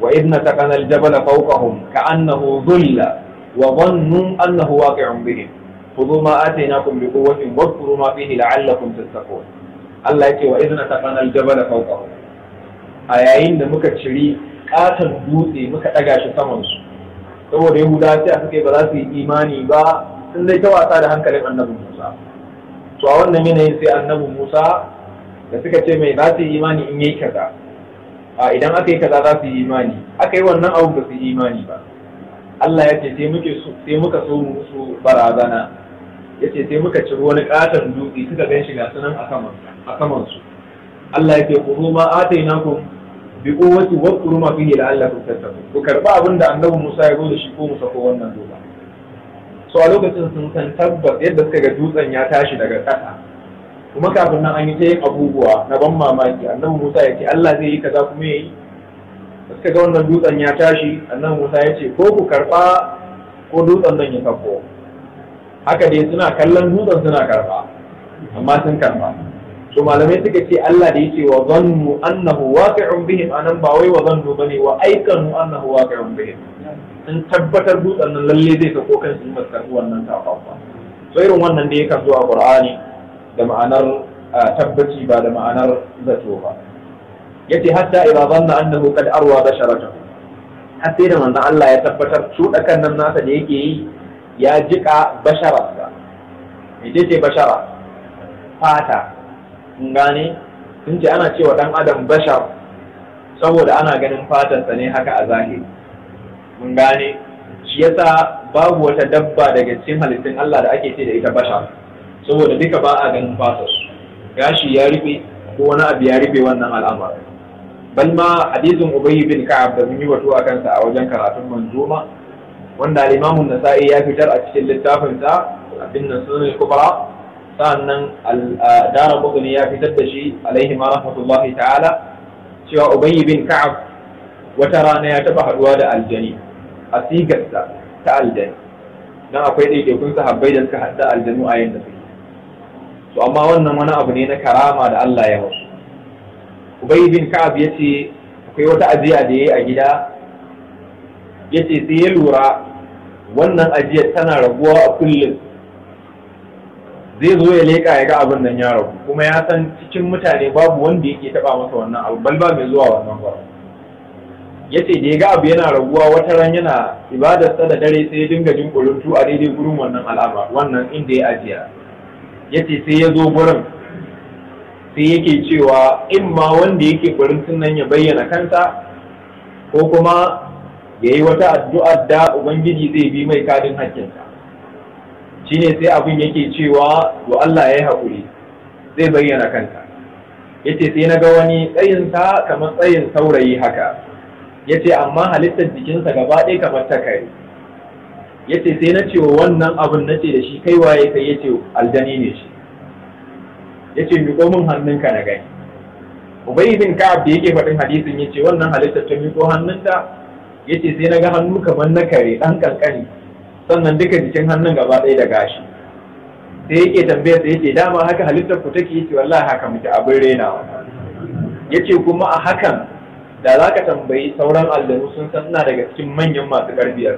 wa idna taqana al-jabala fawqahum ka'annahu dhulla wa dhannu annahu waqi'un bihim khudhu ma atainakum bi quwwatin wadhkuru ma fihi la'allakum tattaqun Allah yace wa idna taqana al-jabala fawqahum a yayin da muka ciri katon dutse muka daga shi saman su saboda yahudawa sai suka ba za su yi imani ba sun dai ta wasa da hankalin annabi Musa to a wannan yanayin sai annabi Musa da suka ce mai za su yi imani in yi kaza a idan aka yi kaza za su yi imani aka yi wannan abun ba su yi imani ba Allah ya ce sai muka so musu barazana ya ce sai muka ciro wani katon dutse suka gan shiga sunan a saman su Allah ya ce ku zo ma na ku bi quwwati wasu, quruma fihi la'allakum tattaqun ku karba abin da annabi Musa ya zo da shi ko Musa ko wannan dutse so a lokacin sun san tabbas yadda suka ga dutsen ya tashi daga ƙasa kuma kafin nan an yi ta yin abubuwa na ban mamaki annabi Musa ya ce Allah zai yi kaza kuma yi. suka ga wannan dutsen ya tashi annabi Musa ya ce ko ku karba ko dutsen nan ya kafo haka dai suna kallon dutsen suna karba amma sun karba to malamai suka ce Allah da yace wa zannu annahu waqi'un bihim anan ba wai wa zannu bane wa aikanu annahu waqi'un bihim in tabbatar dutsen nan lalle zai kafo kansu in ba su wannan tafafa so irin wannan da ya zo a Qur'ani da ma'anar ah, tabbaci ba da ma'anar zato ba yace hatta idza dhanna annahu qad arwa basharata hatta idan da manna Allah ya tabbatar kan nan nasa da yake yi ya jika bashararsa ita ce bashara fata kun gane sun ce ana cewa dan adam bashar saboda ana ganin sa ne haka a zahiri mun gane shi yasa babu wata dabba daga cikin halittun Allah da ake ce da ita bashar saboda duka ba a ganin fatar su gashi ya rufe ko wani abu ya rufe wannan al'amar. bal ma hadisin ubay bin ka'ab da mun yi wato akan sa a wajen karatun manzuma wanda al-imam nasai ya fitar a cikin littafin sa abin sunan kubra sannan dara bugun ya fitar da shi alaihi ma rahmatullahi ta'ala cewa ubayy bin ka'ab wata rana ya taba haduwa da aljani a sigarsa ta aljani dan akwai ɗaiɗaikun sahabbai da suka hadda aljanu a yanda suke to amma wannan wani abu ne na karama da Allah ya wasu ubay bin ka'ab ce akwai wata ajiya da yayi a gida Ya ce sai ya lura wannan ajiyar tana raguwa a kullum zai zo ya leka ya ga abin nan ya ragu kuma ya san cikin mutane babu wanda yake taɓa masa wannan abu balba mai zuwa wannan Ya ce da ya ga abu yana raguwa wata ran yana ibadarsa da dare sai ya dinga jin kuluntu a daidai gurin wannan al'amar wannan inda ya ajiya yace sai ya zo gurin sai yake cewa in ma wanda yake kurintun nan ya bayyana kansa ko kuma ya yi wata addu'a da ubangiji zai bi mai kadin hakkinsa shine sai abin yake cewa to Allah ya yi haƙuri zai bayyana kansa yace sai na ga wani tsayinsa kamar tsayin saurayi haka yace amma halittar jikinsa gaba ɗaya kamar ta kai yace sai na ce wa wannan abin na ce da shi kai waye kai yace aljani ne shi yace miƙo min hannunka na gani ubayi bin ka'ab da yake faɗin hadisin yace wannan halittar ta ko hannunta yace sai na ga hannu kamar na kare dan kankani sannan duka jikin hannun gaba ɗaya da gashi sai yake tambaya sai yace dama haka halittar ku take yace wallahi haka muke abin renawa yace kuma a hakan da za ka tambayi sauran aljanu sun san ina daga cikin manyan masu ƙarfi a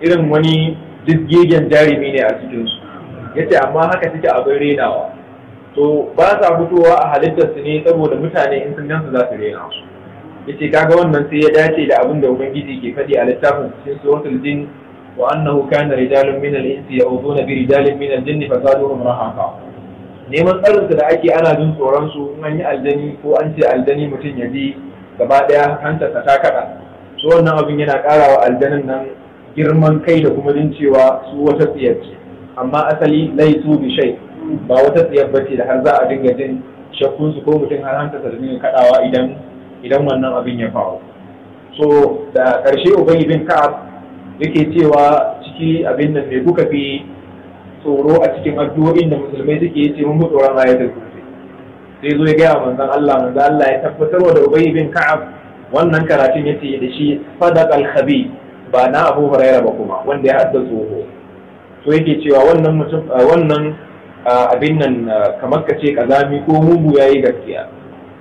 irin wani jirgin jarumi ne a cikinsu ya ce amma haka suke abin renawa to ba sa fitowa a halittarsu ne saboda mutane in sun gansu za su rena su ya ce kaga wannan sai ya dace da abin da ubangiji ke faɗi a littafin cikin suratul jin wa annahu kana rijalun min al-insi ya'uduna bi rijalin min al-jinni fa zaduhum rahaqa neman tsarinsu da ake ana jin tsoron su in an yi aljani ko an ce aljani mutum ya bi gaba ɗaya hantarsa ta kaɗa so wannan abin yana ƙara wa aljanin nan girman kai da kuma jin cewa su wata tsiyar ce amma asali laisu bi shai ba wata tsiyar bace da har za a dinga jin shakkun su ko mutum har hanta sa dinga kadawa idan idan wannan abin ya faru so da karshe ubangi bin yake cewa ciki abin nan mai kuka fi tsoro a cikin addu'o'in da musulmai suke ce mun tsoron ayatul kursi sai zo ya gaya manzon Allah manzon Allah ya tabbatar da ubangi bin ka'ab wannan karatun yace da shi sadaqal khabir ba na abu huraira ba kuma wanda ya hadda tsoho so yake cewa wannan mutum wannan abin nan kamar ka ce kazami ko mugu yayi gaskiya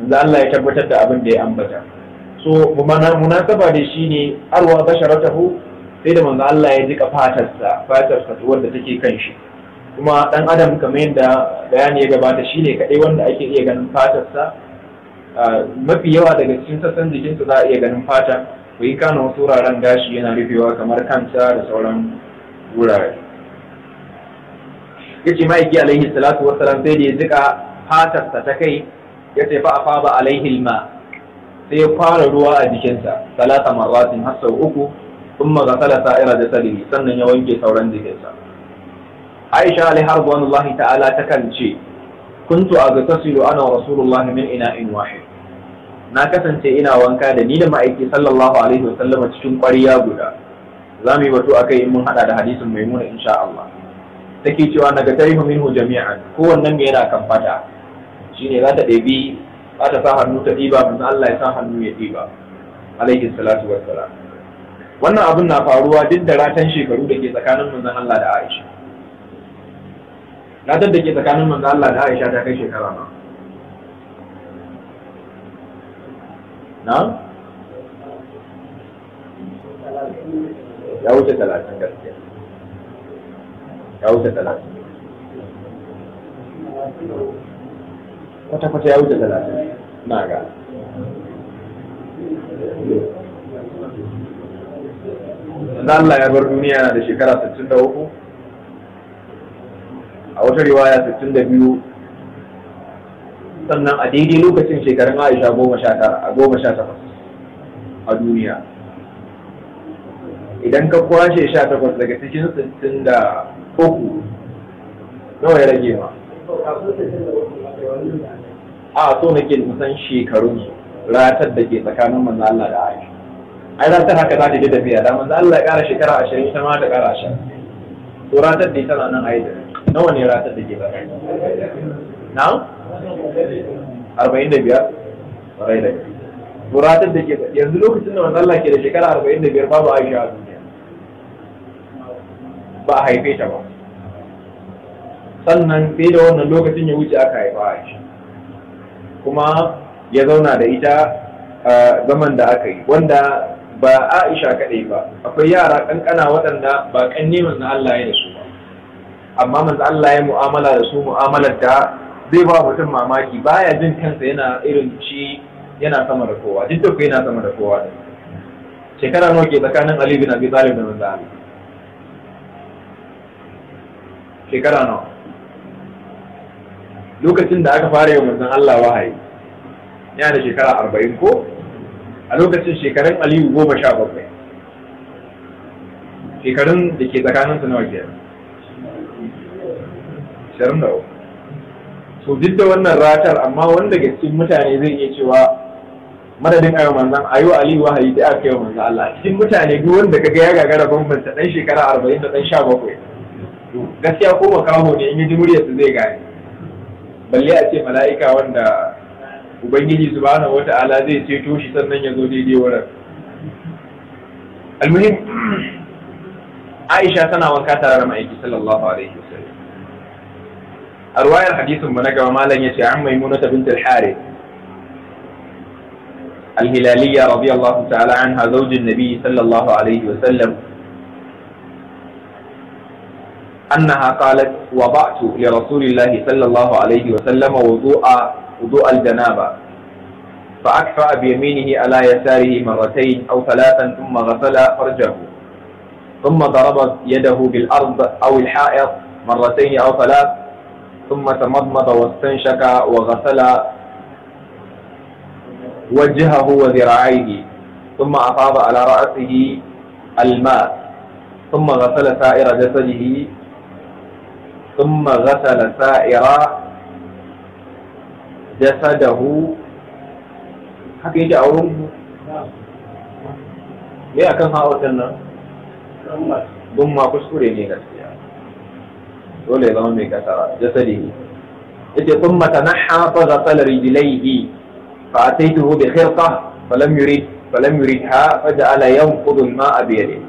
da Allah ya tabbatar da abin da ya ambata so munasaba da shine arwa basharatahu sai da manzo Allah ya jika fatarsa fatarsa wanda take kan shi kuma dan adam kamar yadda bayani ya gabata shine kadai wanda ake iya ganin fatarsa mafi yawa daga cikin sassan jikinsa za a iya ganin fata ku yi kana wasu wuraren gashi yana rufewa kamar kanta da sauran wurare yace ma'aiki alaihi salatu wassalam sai da ya jika fatarsa ta kai ya ce fa afaba alaihi ma sai ya fara ruwa a jikinsa salata marwatin har sau uku sun magasala sa'ira da salili sannan ya wanke sauran jikinsa aisha alaihi harbu ta'ala ta kan ce kuntu a ga tasiru ana rasulullahi min ina in wahid na kasance ina wanka da ni da ma'aiki sallallahu alaihi wa sallama cikin ƙwariya guda za mu yi batu kai in mun haɗa da hadisin maimuna insha Allah take cewa naga tarihu minhu jami'an kowannen mu yana kan fata Shi ne za ta ɗebi za ta sa hannu ta ɗiba manzo Allah ya sa hannu ya ɗiba alaihi salatu salam wannan abin na faruwa duk da ratan shekaru da ke tsakanin manzon Allah da Aisha ratan da ke tsakanin manzon Allah da Aisha ta kai shekara ma na ya talatin gaskiya ya wuce talatin kwata-kwata ya talatin na ga Allah ya bar duniya na da shekara 63 a wata riwaya 62 sannan a daidai lokacin shekarun aisha goma sha tara a goma sha takwas a duniya idan ka kwashe sha takwas daga cikin sittin da uku nawa ya rage ma a so nake kusan shekarun ratar da ke tsakanin manzo Allah da Aisha ai ratar haka za ta ji tafiya da manzo Allah ya kara shekara ashirin ita ma ta kara ashirin to ratar da ita na nan aida nawa ne ratar da ke tsakanin Na'am. arba'in da biyar ƙwarai da da ke yanzu lokacin da manzan ke da shekara arba'in da biyar babu aisha a duniya ba a haife ta ba sannan sai da wannan lokacin ya wuce aka haifa aisha kuma ya zauna da ita zaman da aka yi wanda ba aisha kaɗai ba akwai yara ƙanƙana waɗanda ba ƙanne manzan Allah ya da su ba amma manzan Allah ya mu'amala da su mu'amalar da zai ba mutum mamaki baya jin kansa yana irin shi yana sama da kowa duk da ku yana sama da kowa da shekara nawa ke tsakanin Ali bin Abi Talib da manzo shekara nawa lokacin da aka fara yin manzon Allah wahayi yana da shekara arba'in ko a lokacin shekarun Aliyu goma sha bakwai shekarun da ke tsakaninsu nawa ke? Shirin da uku. to duk da wannan ratar amma wanda ga cikin mutane zai iya cewa madadin ayo manzan ayo ali wahayi da aka yi manzan Allah cikin mutane duk wanda kaga ya gagara bambanta dan shekara arba'in da dan bakwai. to gaskiya ko makaho ne in yi muryar su zai gane balle a ce mala'ika wanda ubangiji subhanahu wata'ala zai ceto shi sannan ya zo daidai wurin almuhim aisha tana wanka tare da ma'aiki sallallahu alaihi wasallam a ruwayar hadisin mu na gaba malam yace an maimuna bint al الهلالية رضي الله تعالى عنها زوج النبي صلى الله عليه وسلم أنها قالت وضعت لرسول الله صلى الله عليه وسلم وضوء وضوء الجنابة فأكفأ بيمينه على يساره مرتين أو ثلاثا ثم غسل فرجه ثم ضرب يده بالأرض أو الحائط مرتين أو ثلاث ثم تمضمض واستنشق وغسل وجهه وذراعيه ثم أفاض على رأسه الماء ثم غسل سائر جسده ثم غسل سائر جسده حقيقة أو a wurin me akan ثم nan don dole ya zama mai kasara jasadihi yace thumma tanahha fa ghasala rijlaihi fa ataituhu bi khirqa falam yurid falam yuridha fa ja'ala yanqudu al-ma'a bi yadihi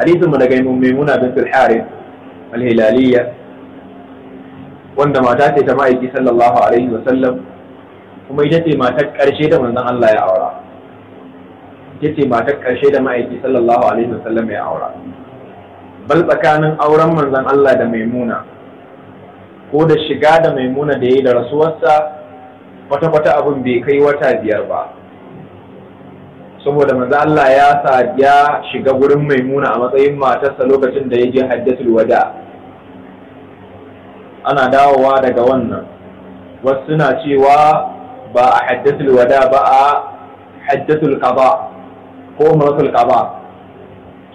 hadithin mu daga Maimuna bint al-Harith al-Hilaliyya wanda mata ce ta ma'aiki sallallahu alaihi wa sallam kuma ita ce mata karshe da manzon Allah ya aura ita ce mata karshe da ma'aiki sallallahu alaihi wa sallam ya aura bal tsakanin auren manzon Allah da maimuna ko da shiga da maimuna da ya yi da rasuwarsa kwata-kwata abin bai kai wata biyar ba saboda manzo Allah ya sa ya shiga gurin maimuna a matsayin matarsa lokacin da ya je haddatul wada ana dawowa daga wannan wasu suna cewa ba a haddatul wada ba a haddatul qada ko maratul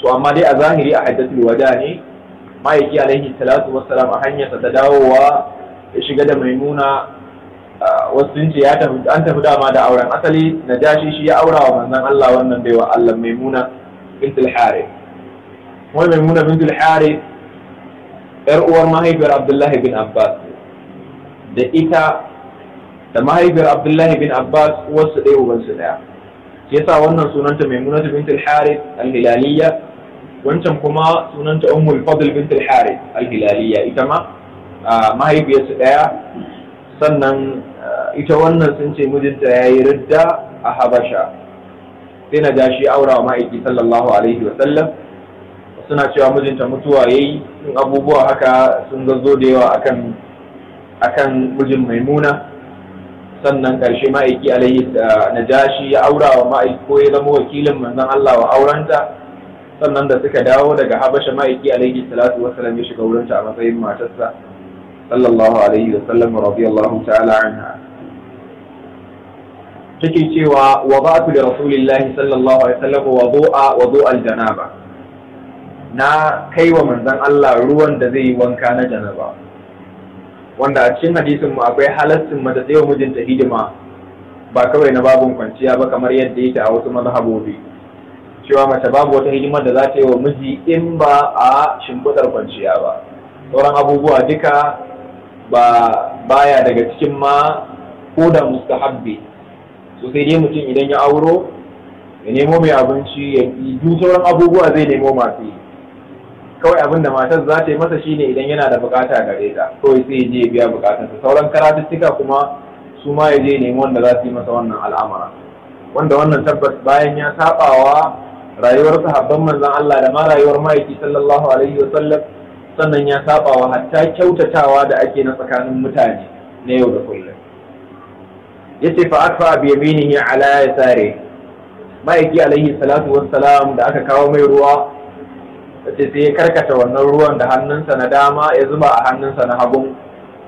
to amma dai a zahiri a haddatul wada ne ma'aiki alaihi salatu wassalam a hanyarsa ta dawowa ya shiga da maimuna wasu sun ce an tafi dama da auren asali na dashi shi ya aura wa manzon Allah wannan baiwa Allah maimuna bintul harith wai maimuna bintul harith yar uwar mahaifiyar Abdullahi bin Abbas da ita da mahaifiyar Abdullahi bin Abbas wasu ɗaya ubansu ɗaya shi yasa wannan sunanta maimunatu bintul harith al-hilaliyya wancan kuma sunanta ummul fadl bint al-harith al-hilaliya ita ma daya sannan ita wannan sun ce mijinta yayi ridda a habasha sai na gashi aura wa ma'aiki sallallahu alaihi wa sallam suna cewa mijinta mutuwa yayi sun abubuwa haka sun zazzo da yawa akan akan mijin maimuna sannan karshe ma'aiki alaihi najashi ya aura wa ma'aiki ko ya zama wakilin manzon Allah wa aurenta sannan da suka dawo daga habasha ma'aiki alaihi salatu wasalam ya shiga wurinta a matsayin matarsa sallallahu alaihi wa sallam radiyallahu ta'ala anha take cewa wa ku da rasulillahi sallallahu alaihi wa sallam wa du'a wa du'a aljanaba na kai wa manzon Allah ruwan da zai yi wanka na janaba wanda a cikin hadisin mu akwai halastin mata zai mijinta hidima ba kawai na babun kwanciya ba kamar yadda yake a wasu mazhabobi cewa mace babu wata hidimar da za ta yi wa miji in ba a shimfiɗar kwanciya ba sauran abubuwa duka ba baya daga cikin ma ko da mustahabbi so sai dai mutum idan ya auro ya nemo mai abinci ya yi sauran abubuwa zai nemo masu yi kawai abin da matar za ta yi masa shi ne idan yana da bukata gare ta kawai sai je biya bukatansa sauran karatuttuka kuma su ma ya je nemo wanda za su yi masa wannan al'amara wanda wannan tabbas bayan ya sabawa rayuwar sahabban manzon Allah da ma rayuwar ma'aiki sallallahu alaihi wa sallam sannan ya saba wa hatta kyautatawa da ake na tsakanin mutane na yau da kullum yace fa akfa bi yaminihi ala yasari ma'aiki alaihi salatu wassalam da aka kawo mai ruwa yace sai ya karkata wannan ruwan da hannunsa na dama ya zuba a hannunsa na hagu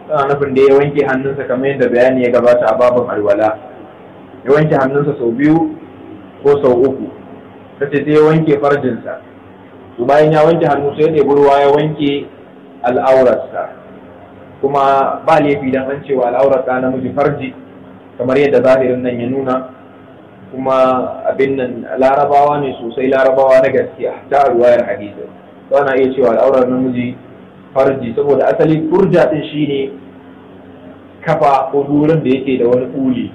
tana nufin da ya wanke hannunsa kamar yadda bayani ya gabata a babin alwala ya wanke hannunsa sau biyu ko sau uku ta ce sai wanke farjinsa su bayan ya wanke hannu sai ya ɗebi ruwa ya wanke al'aurarsa kuma ba laifi dan an cewa al'aurar ɗa namiji farji kamar yadda zahirin nan ya nuna kuma abin nan larabawa ne sosai larabawa na gaskiya ta ruwayar hadisi to ana iya cewa al'aurar namiji farji saboda asali furja din shine kafa ko durin da yake da wani kuli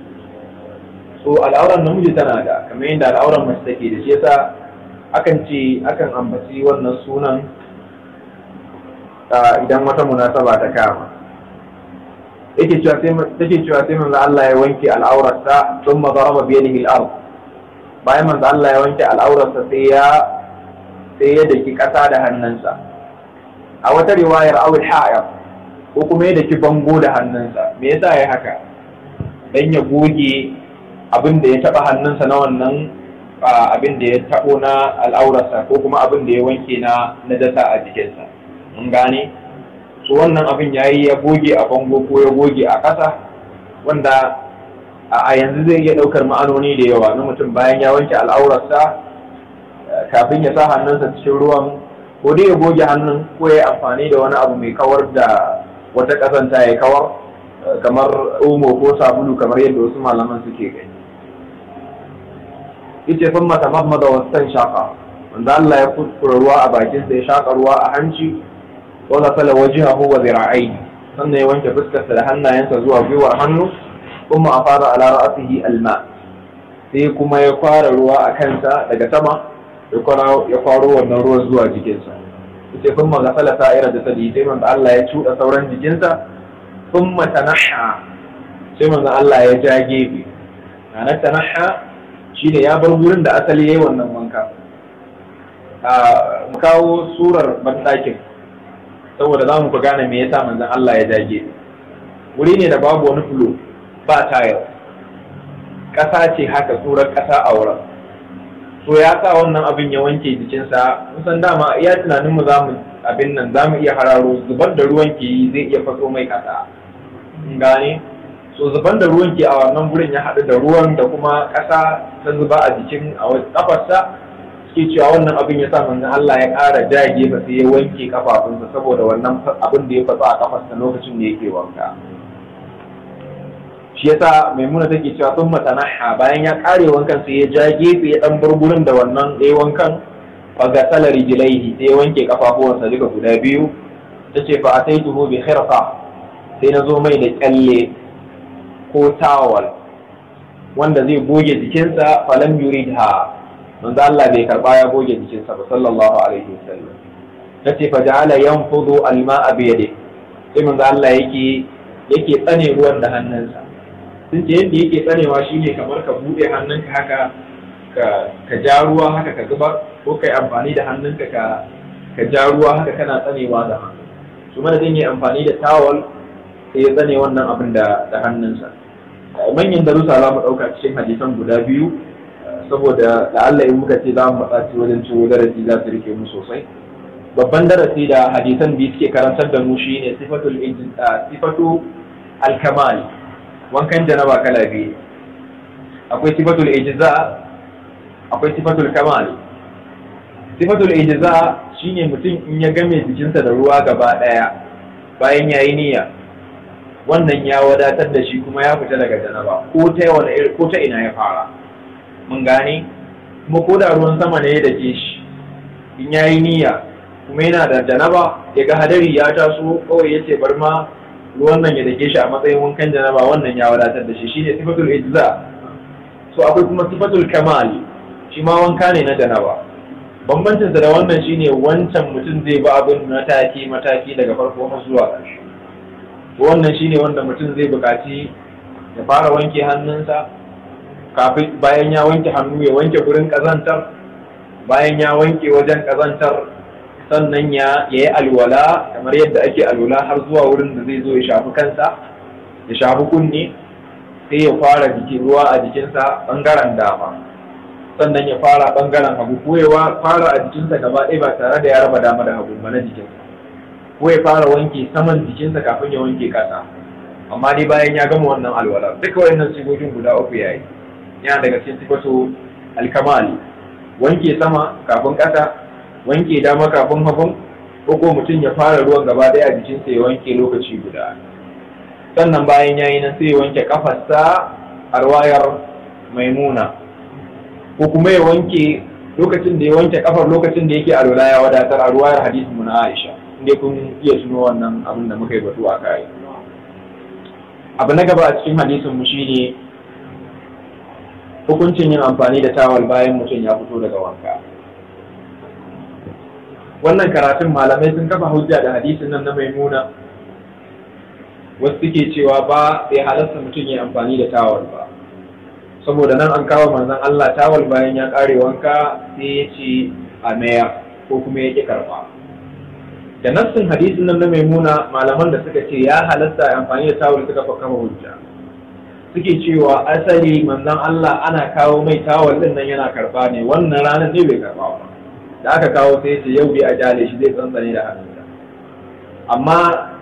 so al'auran namiji tana da kamar yadda al'auran mace take da shi yasa akan ce akan ambaci wannan sunan ah, idan wata munasaba ta kama yake cewa sai take cewa sai manzo Allah ya wanke al'aurarsa don daraba bi yadihi ard bayan manzo Allah ya wanke al'aurarsa sai ya sai ya daki kasa da hannunsa a wata riwayar aw haya ko kuma ya daki bango da hannunsa me yasa yayi haka dan ya goge abin da ya taɓa hannunsa na wannan abin da ya taɓo na al'aurarsa ko kuma abin da ya wanke na na dasa a jikinsa mun gane su wannan abin ya yi ya goge a bango ko ya goge a ƙasa wanda a yanzu zai iya ɗaukar ma'anoni da yawa na mutum bayan ya wanke al'aurarsa kafin ya sa hannunsa cikin ruwan ko dai ya goge hannun ko ya yi amfani da wani abu mai kawar da wata ƙazanta ya kawar kamar omo ko sabulu kamar yadda wasu malaman suke gani yace sun mata mahmada wasan shaka wanda Allah ya kuskura ruwa a bakin sa ya shaka ruwa a hanci wa ghasala wajhahu wa zira'ai sannan ya wanke fuskarsa da hannayensa zuwa gwiwar hannu kuma a fara ala ra'sihi alma sai kuma ya fara ruwa a kansa daga sama ya kwaro wannan ruwan zuwa jikinsa yace sun ma ghasala sa'ira da sadi sai manzo Allah ya cuɗa sauran jikinsa sun matanasha sai manzo Allah ya ja gefe ma'anar tanasha shine ya bar wurin da asali yayi wannan wanka a kawo surar bandakin saboda za mu ku gane me yasa manzon Allah ya dage wuri ne da babu wani fulo ba tayar ƙasa ce haka surar ƙasa a wurin so ya sa wannan abin ya wanke jikinsa kusan dama iya za mu abin nan za mu iya hararo zubar da ruwan ke yi zai iya faso mai ƙasa gane so zuban da ruwan ke a wannan gurin ya haɗu da ruwan da kuma ƙasa ta zuba a jikin a wasu ƙafarsa suke cewa wannan abin ya sa manzon Allah ya ƙara jage ba sai ya wanke kafafunsa saboda wannan abin da ya fasa a kafarsa lokacin da yake wanka shi yasa maimuna take cewa sun matanaha bayan ya ƙare wankan sai ya ja gefe ya ɗan bar gurin da wannan ɗaya wankan salari rijilaihi sai ya wanke kafafuwansa duka guda biyu ta ce fa tuhu bi khirqa sai na zo mai da ƙyalle ko tawal wanda zai goge jikinsa falam yuridha manzo Allah bai karba ya goge jikinsa ba sallallahu alaihi wasallam nace fa ja'ala yanfudu alma'a bi yadi sai manzo Allah yake yake tsane ruwan da hannunsa sun ce yadda yake tsanewa shine kamar ka bude hannunka haka ka ka ja ruwa haka ka zubar ko kai amfani da hannunka ka ka ja ruwa haka kana tsanewa da hannu su mana zan yi amfani da tawal sai ya tsane wannan abin da hannunsa manyan darussa za mu ɗauka cikin hadisan guda biyu saboda da Allah in muka ce za mu matsaci wajen ciwo darasi za su rike mu sosai babban darasi da hadisan biyu suke karantar da mu shine sifatul sifatu alkamal wankan janaba kala biyu akwai sifatul ijza akwai sifatul kamal sifatul ijza shine mutum in ya game jikinsa da ruwa gaba daya bayan yayi niyya wannan ya wadatar da shi kuma ya fita daga janaba ko ta ko ta ina ya fara mun gane kuma ko da ruwan sama ne da dake shi in yi niyya kuma yana da janaba ya ga hadari ya taso kawai ya ce bar ma ruwan nan ya dake shi a matsayin wankan janaba wannan ya wadatar da shi shine sifatul ijza so akwai kuma sifatul kamal shi ma wanka ne na janaba bambancinsa da wannan shine wancan mutum zai bi abin mataki mataki daga farko zuwa ƙarshe wannan shine wanda mutum zai bukaci ya fara wanke hannunsa kafin bayan ya wanke hannu ya wanke gurin kazantar bayan ya wanke wajen kazantar sannan ya yi alwala kamar yadda ake alwala har zuwa wurin da zai zo ya shafi kansa ya shafi kunne sai ya fara ruwa a jikinsa ɓangaren dama sannan ya fara bangaren hagu koyewa fara a jikinsa gaba ɗaya ba tare da ya raba dama da hagu ba na jikinsa ko ya fara wanke saman jikinsa kafin ya wanke kasa amma dai bayan ya gama wannan alwala duka wayannan sigogin guda uku yayi yana daga cikin sifatu alkamal wanke sama kafin kasa wanke dama kafin hagun ko ko mutum ya fara ruwan gaba daya a jikinsa ya wanke lokaci guda sannan bayan yayi nan sai ya wanke kafarsa arwayar maimuna ko kuma ya wanke lokacin da ya wanke kafar lokacin da yake alwala ya wadatar a ruwayar hadisin mu na Aisha inda kun iya tuno wannan abin da muka yi batu a kai abu na gaba a cikin hadisin mu shine hukuncin yin amfani da tawal bayan mutum ya fito daga wanka wannan karatun malamai sun kafa hujja da hadisin nan na maimuna wasu suke cewa ba bai halasta mutum ya amfani da tawal ba saboda nan an kawo manzon Allah tawal bayan ya kare wanka sai ya ce a meya ko kuma ya ƙi karɓa da nassin hadisin nan na maimuna malaman da suka ce ya halatta amfani da tawul suka fa kama hujja suke cewa asali manzon Allah ana kawo mai tawul din nan yana karba ne wannan ranar ne bai karba ba da aka kawo sai ce yau a jale shi zai tsantsane da hannunsa amma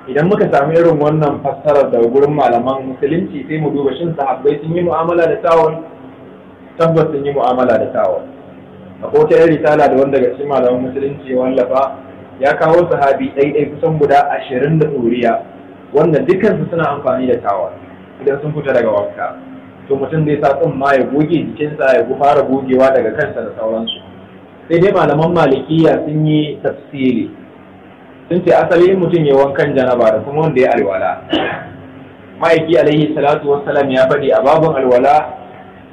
idan muka samu irin wannan fassarar da gurin malaman musulunci sai mu duba shin sahabbai sun yi mu'amala da tawul tabbas sun yi mu'amala da tawul A wata irin risala da wanda ga cikin malaman musulunci wallafa ya kawo sahabi ɗaiɗai kusan guda ashirin da ɗoriya wanda dukansu suna amfani da tawa idan sun fita daga wanka to mutum zai sa tsumma ya goge jikinsa ya fara gogewa daga kansa da sauransu sai dai malaman malikiya sun yi tafsiri sun ce asalin mutum ya wankan janaba da kuma wanda ya alwala ma'aiki alaihi salatu wassalam ya faɗi a babin alwala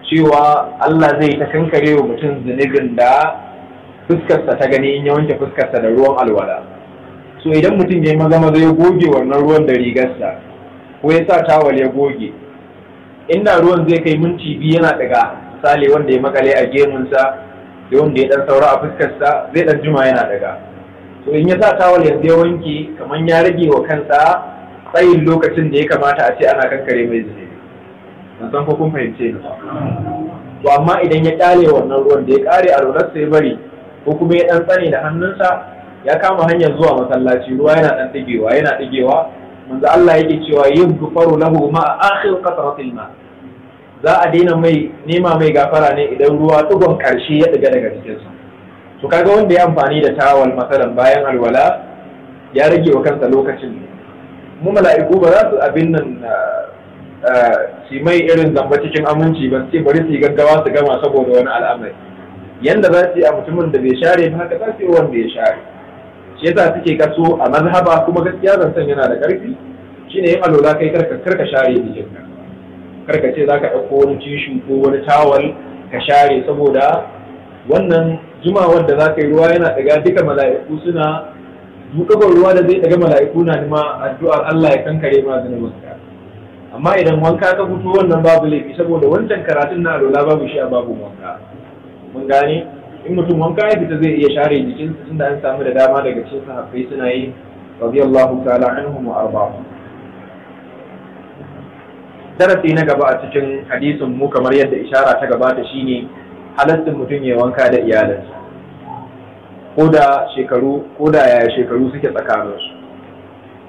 cewa Allah zai ta kankare wa mutum zunubin da fuskarsa ta gani in ya wanke fuskarsa da ruwan alwala so idan mutum ya yi maza maza ya goge wannan ruwan da rigarsa ko ya sa tawal ya goge inda ruwan zai kai minti biyu yana daga sale wanda ya makale a gemunsa da wanda ya dan saura a fuskarsa zai dan juma yana daga so in ya sa tawal yanzu ya wanke kamar ya rage wa kansa tsayin lokacin da ya kamata a ce ana kankare mai zina ban san ko kun fahimce ni to amma idan ya kare wannan ruwan da ya kare a sai ya bari ko kuma ya ɗan tsane da hannunsa ya kama hanyar zuwa masallaci ruwa yana ɗan ɗigewa yana digewa manzo Allah yake cewa yughfaru lahu ma akhir qatratil ma za a daina mai nema mai gafara ne idan ruwa tugon karshe ya ɗiga daga jikinsa to kaga wanda ya amfani da tawal masalan bayan alwala ya rage wa kansa lokacin mu mala'iku ba za su abin nan eh, eh, mai irin zamba cikin aminci ba sai bari su gaggawa su gama saboda wani al'amari yanda za su yi a mutumin da bai share ba haka za su yi wanda ya share shi yasa suke kaso a mazhaba kuma gaskiya zan san yana da karfi shine yin alola kai karka karka share jikin ka karka ce zaka ɗauko wani tishu ko wani tawal ka share saboda wannan jumawar da zaka yi ruwa yana daga duka mala'iku suna dukagon ruwa da zai daga mala'iku na nima addu'ar Allah ya kankare ma zunubanka amma idan wanka ka fito wannan babu laifi saboda wancan karatun na alola babu shi a babu wanka mun gane in mutum wanka ya fita zai iya share jikin inda an samu da dama daga cikin sahabbai suna yi radiyallahu ta'ala anhum wa arba'u. darasi na gaba a cikin hadisin mu kamar yadda ishara ta gabata shine halastin mutum ya wanka da iyalinsa ko da shekaru ko da yaya shekaru suke tsakaninsu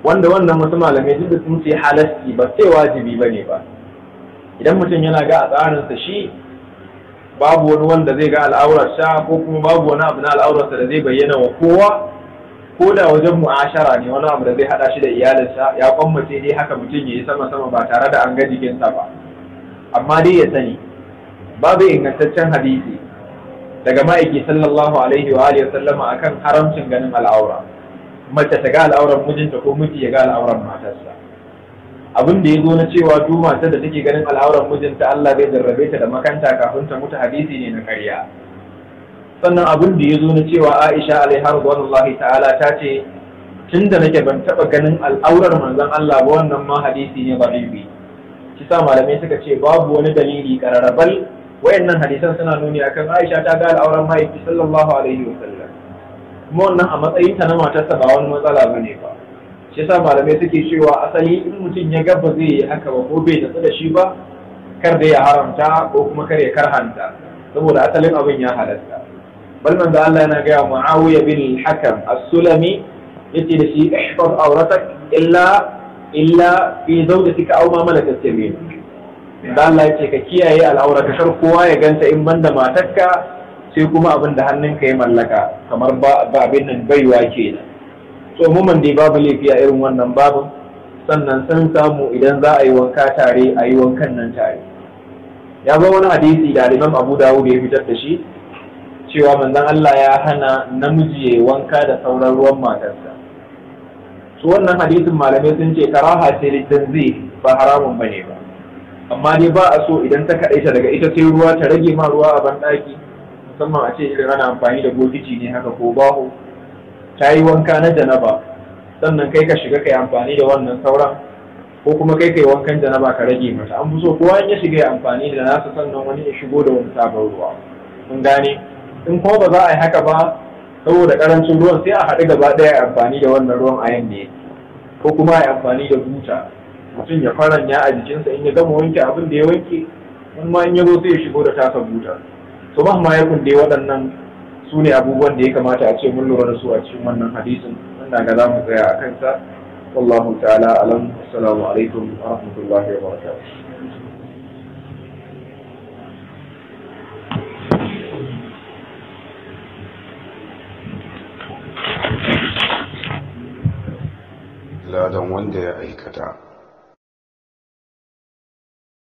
wanda wannan wasu malamai duk da sun ce halasti ba sai wajibi bane ba idan mutum yana ga a tsarinsa shi babu wani wanda zai ga al'aurar sha, ko kuma babu wani abu na al'aurarsa da zai bayyana wa kowa ko da wajen mu'ashara ne wani abu da zai hada shi da iyalinsa ya kwammace dai haka mutum ya yi sama sama ba tare da an ga jikinsa ba amma dai ya sani babu ingantaccen hadisi daga ma'aiki sallallahu alaihi wa alihi sallama akan haramcin ganin al'aura mace ta ga al'auran mijinta ko miji ya ga al'auran matarsa abin da ya zo na cewa duk matar da take ganin al'auran mijinta Allah zai jarrabe ta da makanta kafin ta mutu hadisi ne na karya sannan abin da ya zo na cewa Aisha alaiha radhiyallahu ta'ala ta ce tunda nake ban taba ganin al'aurar manzon Allah ba wannan ma hadisi ne da'ifi kisa malamai suka ce babu wani dalili kararrabal wayannan hadisan suna nuni akan Aisha ta ga al'auran mahaifi sallallahu alaihi wasallam kuma wannan a matsayinta na matarsa ba wani matsala bane ba shi yasa malamai suke cewa asali in mutum ya gaba zai yi haka ba ko bai da da shi ba kar da ya haramta ko kuma kar ya karhanta saboda asalin abin ya halatta bal man da Allah yana gaya Muawiya bin Hakam As-Sulami yace da shi ihfaz awratak illa illa fi zawjatika aw ma malakat yamin da Allah yace ka kiyaye al'aura ka shar kowa ya ganta in banda matarka sai kuma abin da hannunka ya mallaka kamar ba abin nan baiwa kenan to muman dai babu laifi a irin wannan babu sannan san samu idan za a yi wanka tare a yi wankan nan tare ya zo wani hadisi da Imam Abu Dawud ya fitar da shi cewa manzon Allah ya hana namiji ya wanka da sauran ruwan matarsa su wannan hadisin malamai sun ce karaha ce litanzi ba haramun ba ne ba amma dai ba a so idan ta kaɗaita daga ita sai ruwa ta rage ma ruwa a banɗaki musamman a ce irin ana amfani da bokiti ne haka ko baho ta yi wanka na janaba sannan kai ka shiga kai amfani da wannan sauran ko kuma kai kai wankan janaba ka rage mata an so kowa in ya shiga ya amfani da nasa sannan wani ya shigo da wani sabon ruwa kun gane in kuma ba za a yi haka ba saboda karancin ruwan sai a haɗu gaba ɗaya a amfani da wannan ruwan a ne ko kuma a amfani da buta mutum ya faranya a jikinsa in ya gama wanke abin da ya wanke wani ma in ya zo sai ya shigo da tasa buta to ma ma ya kunde waɗannan su ne abubuwan da ya kamata a ce mun lura da su a cikin wannan hadisin ina ga za mu tsaya a kansa wallahu ta'ala alam assalamu alaikum wa rahmatullahi wa barakatuh ladan wanda ya aikata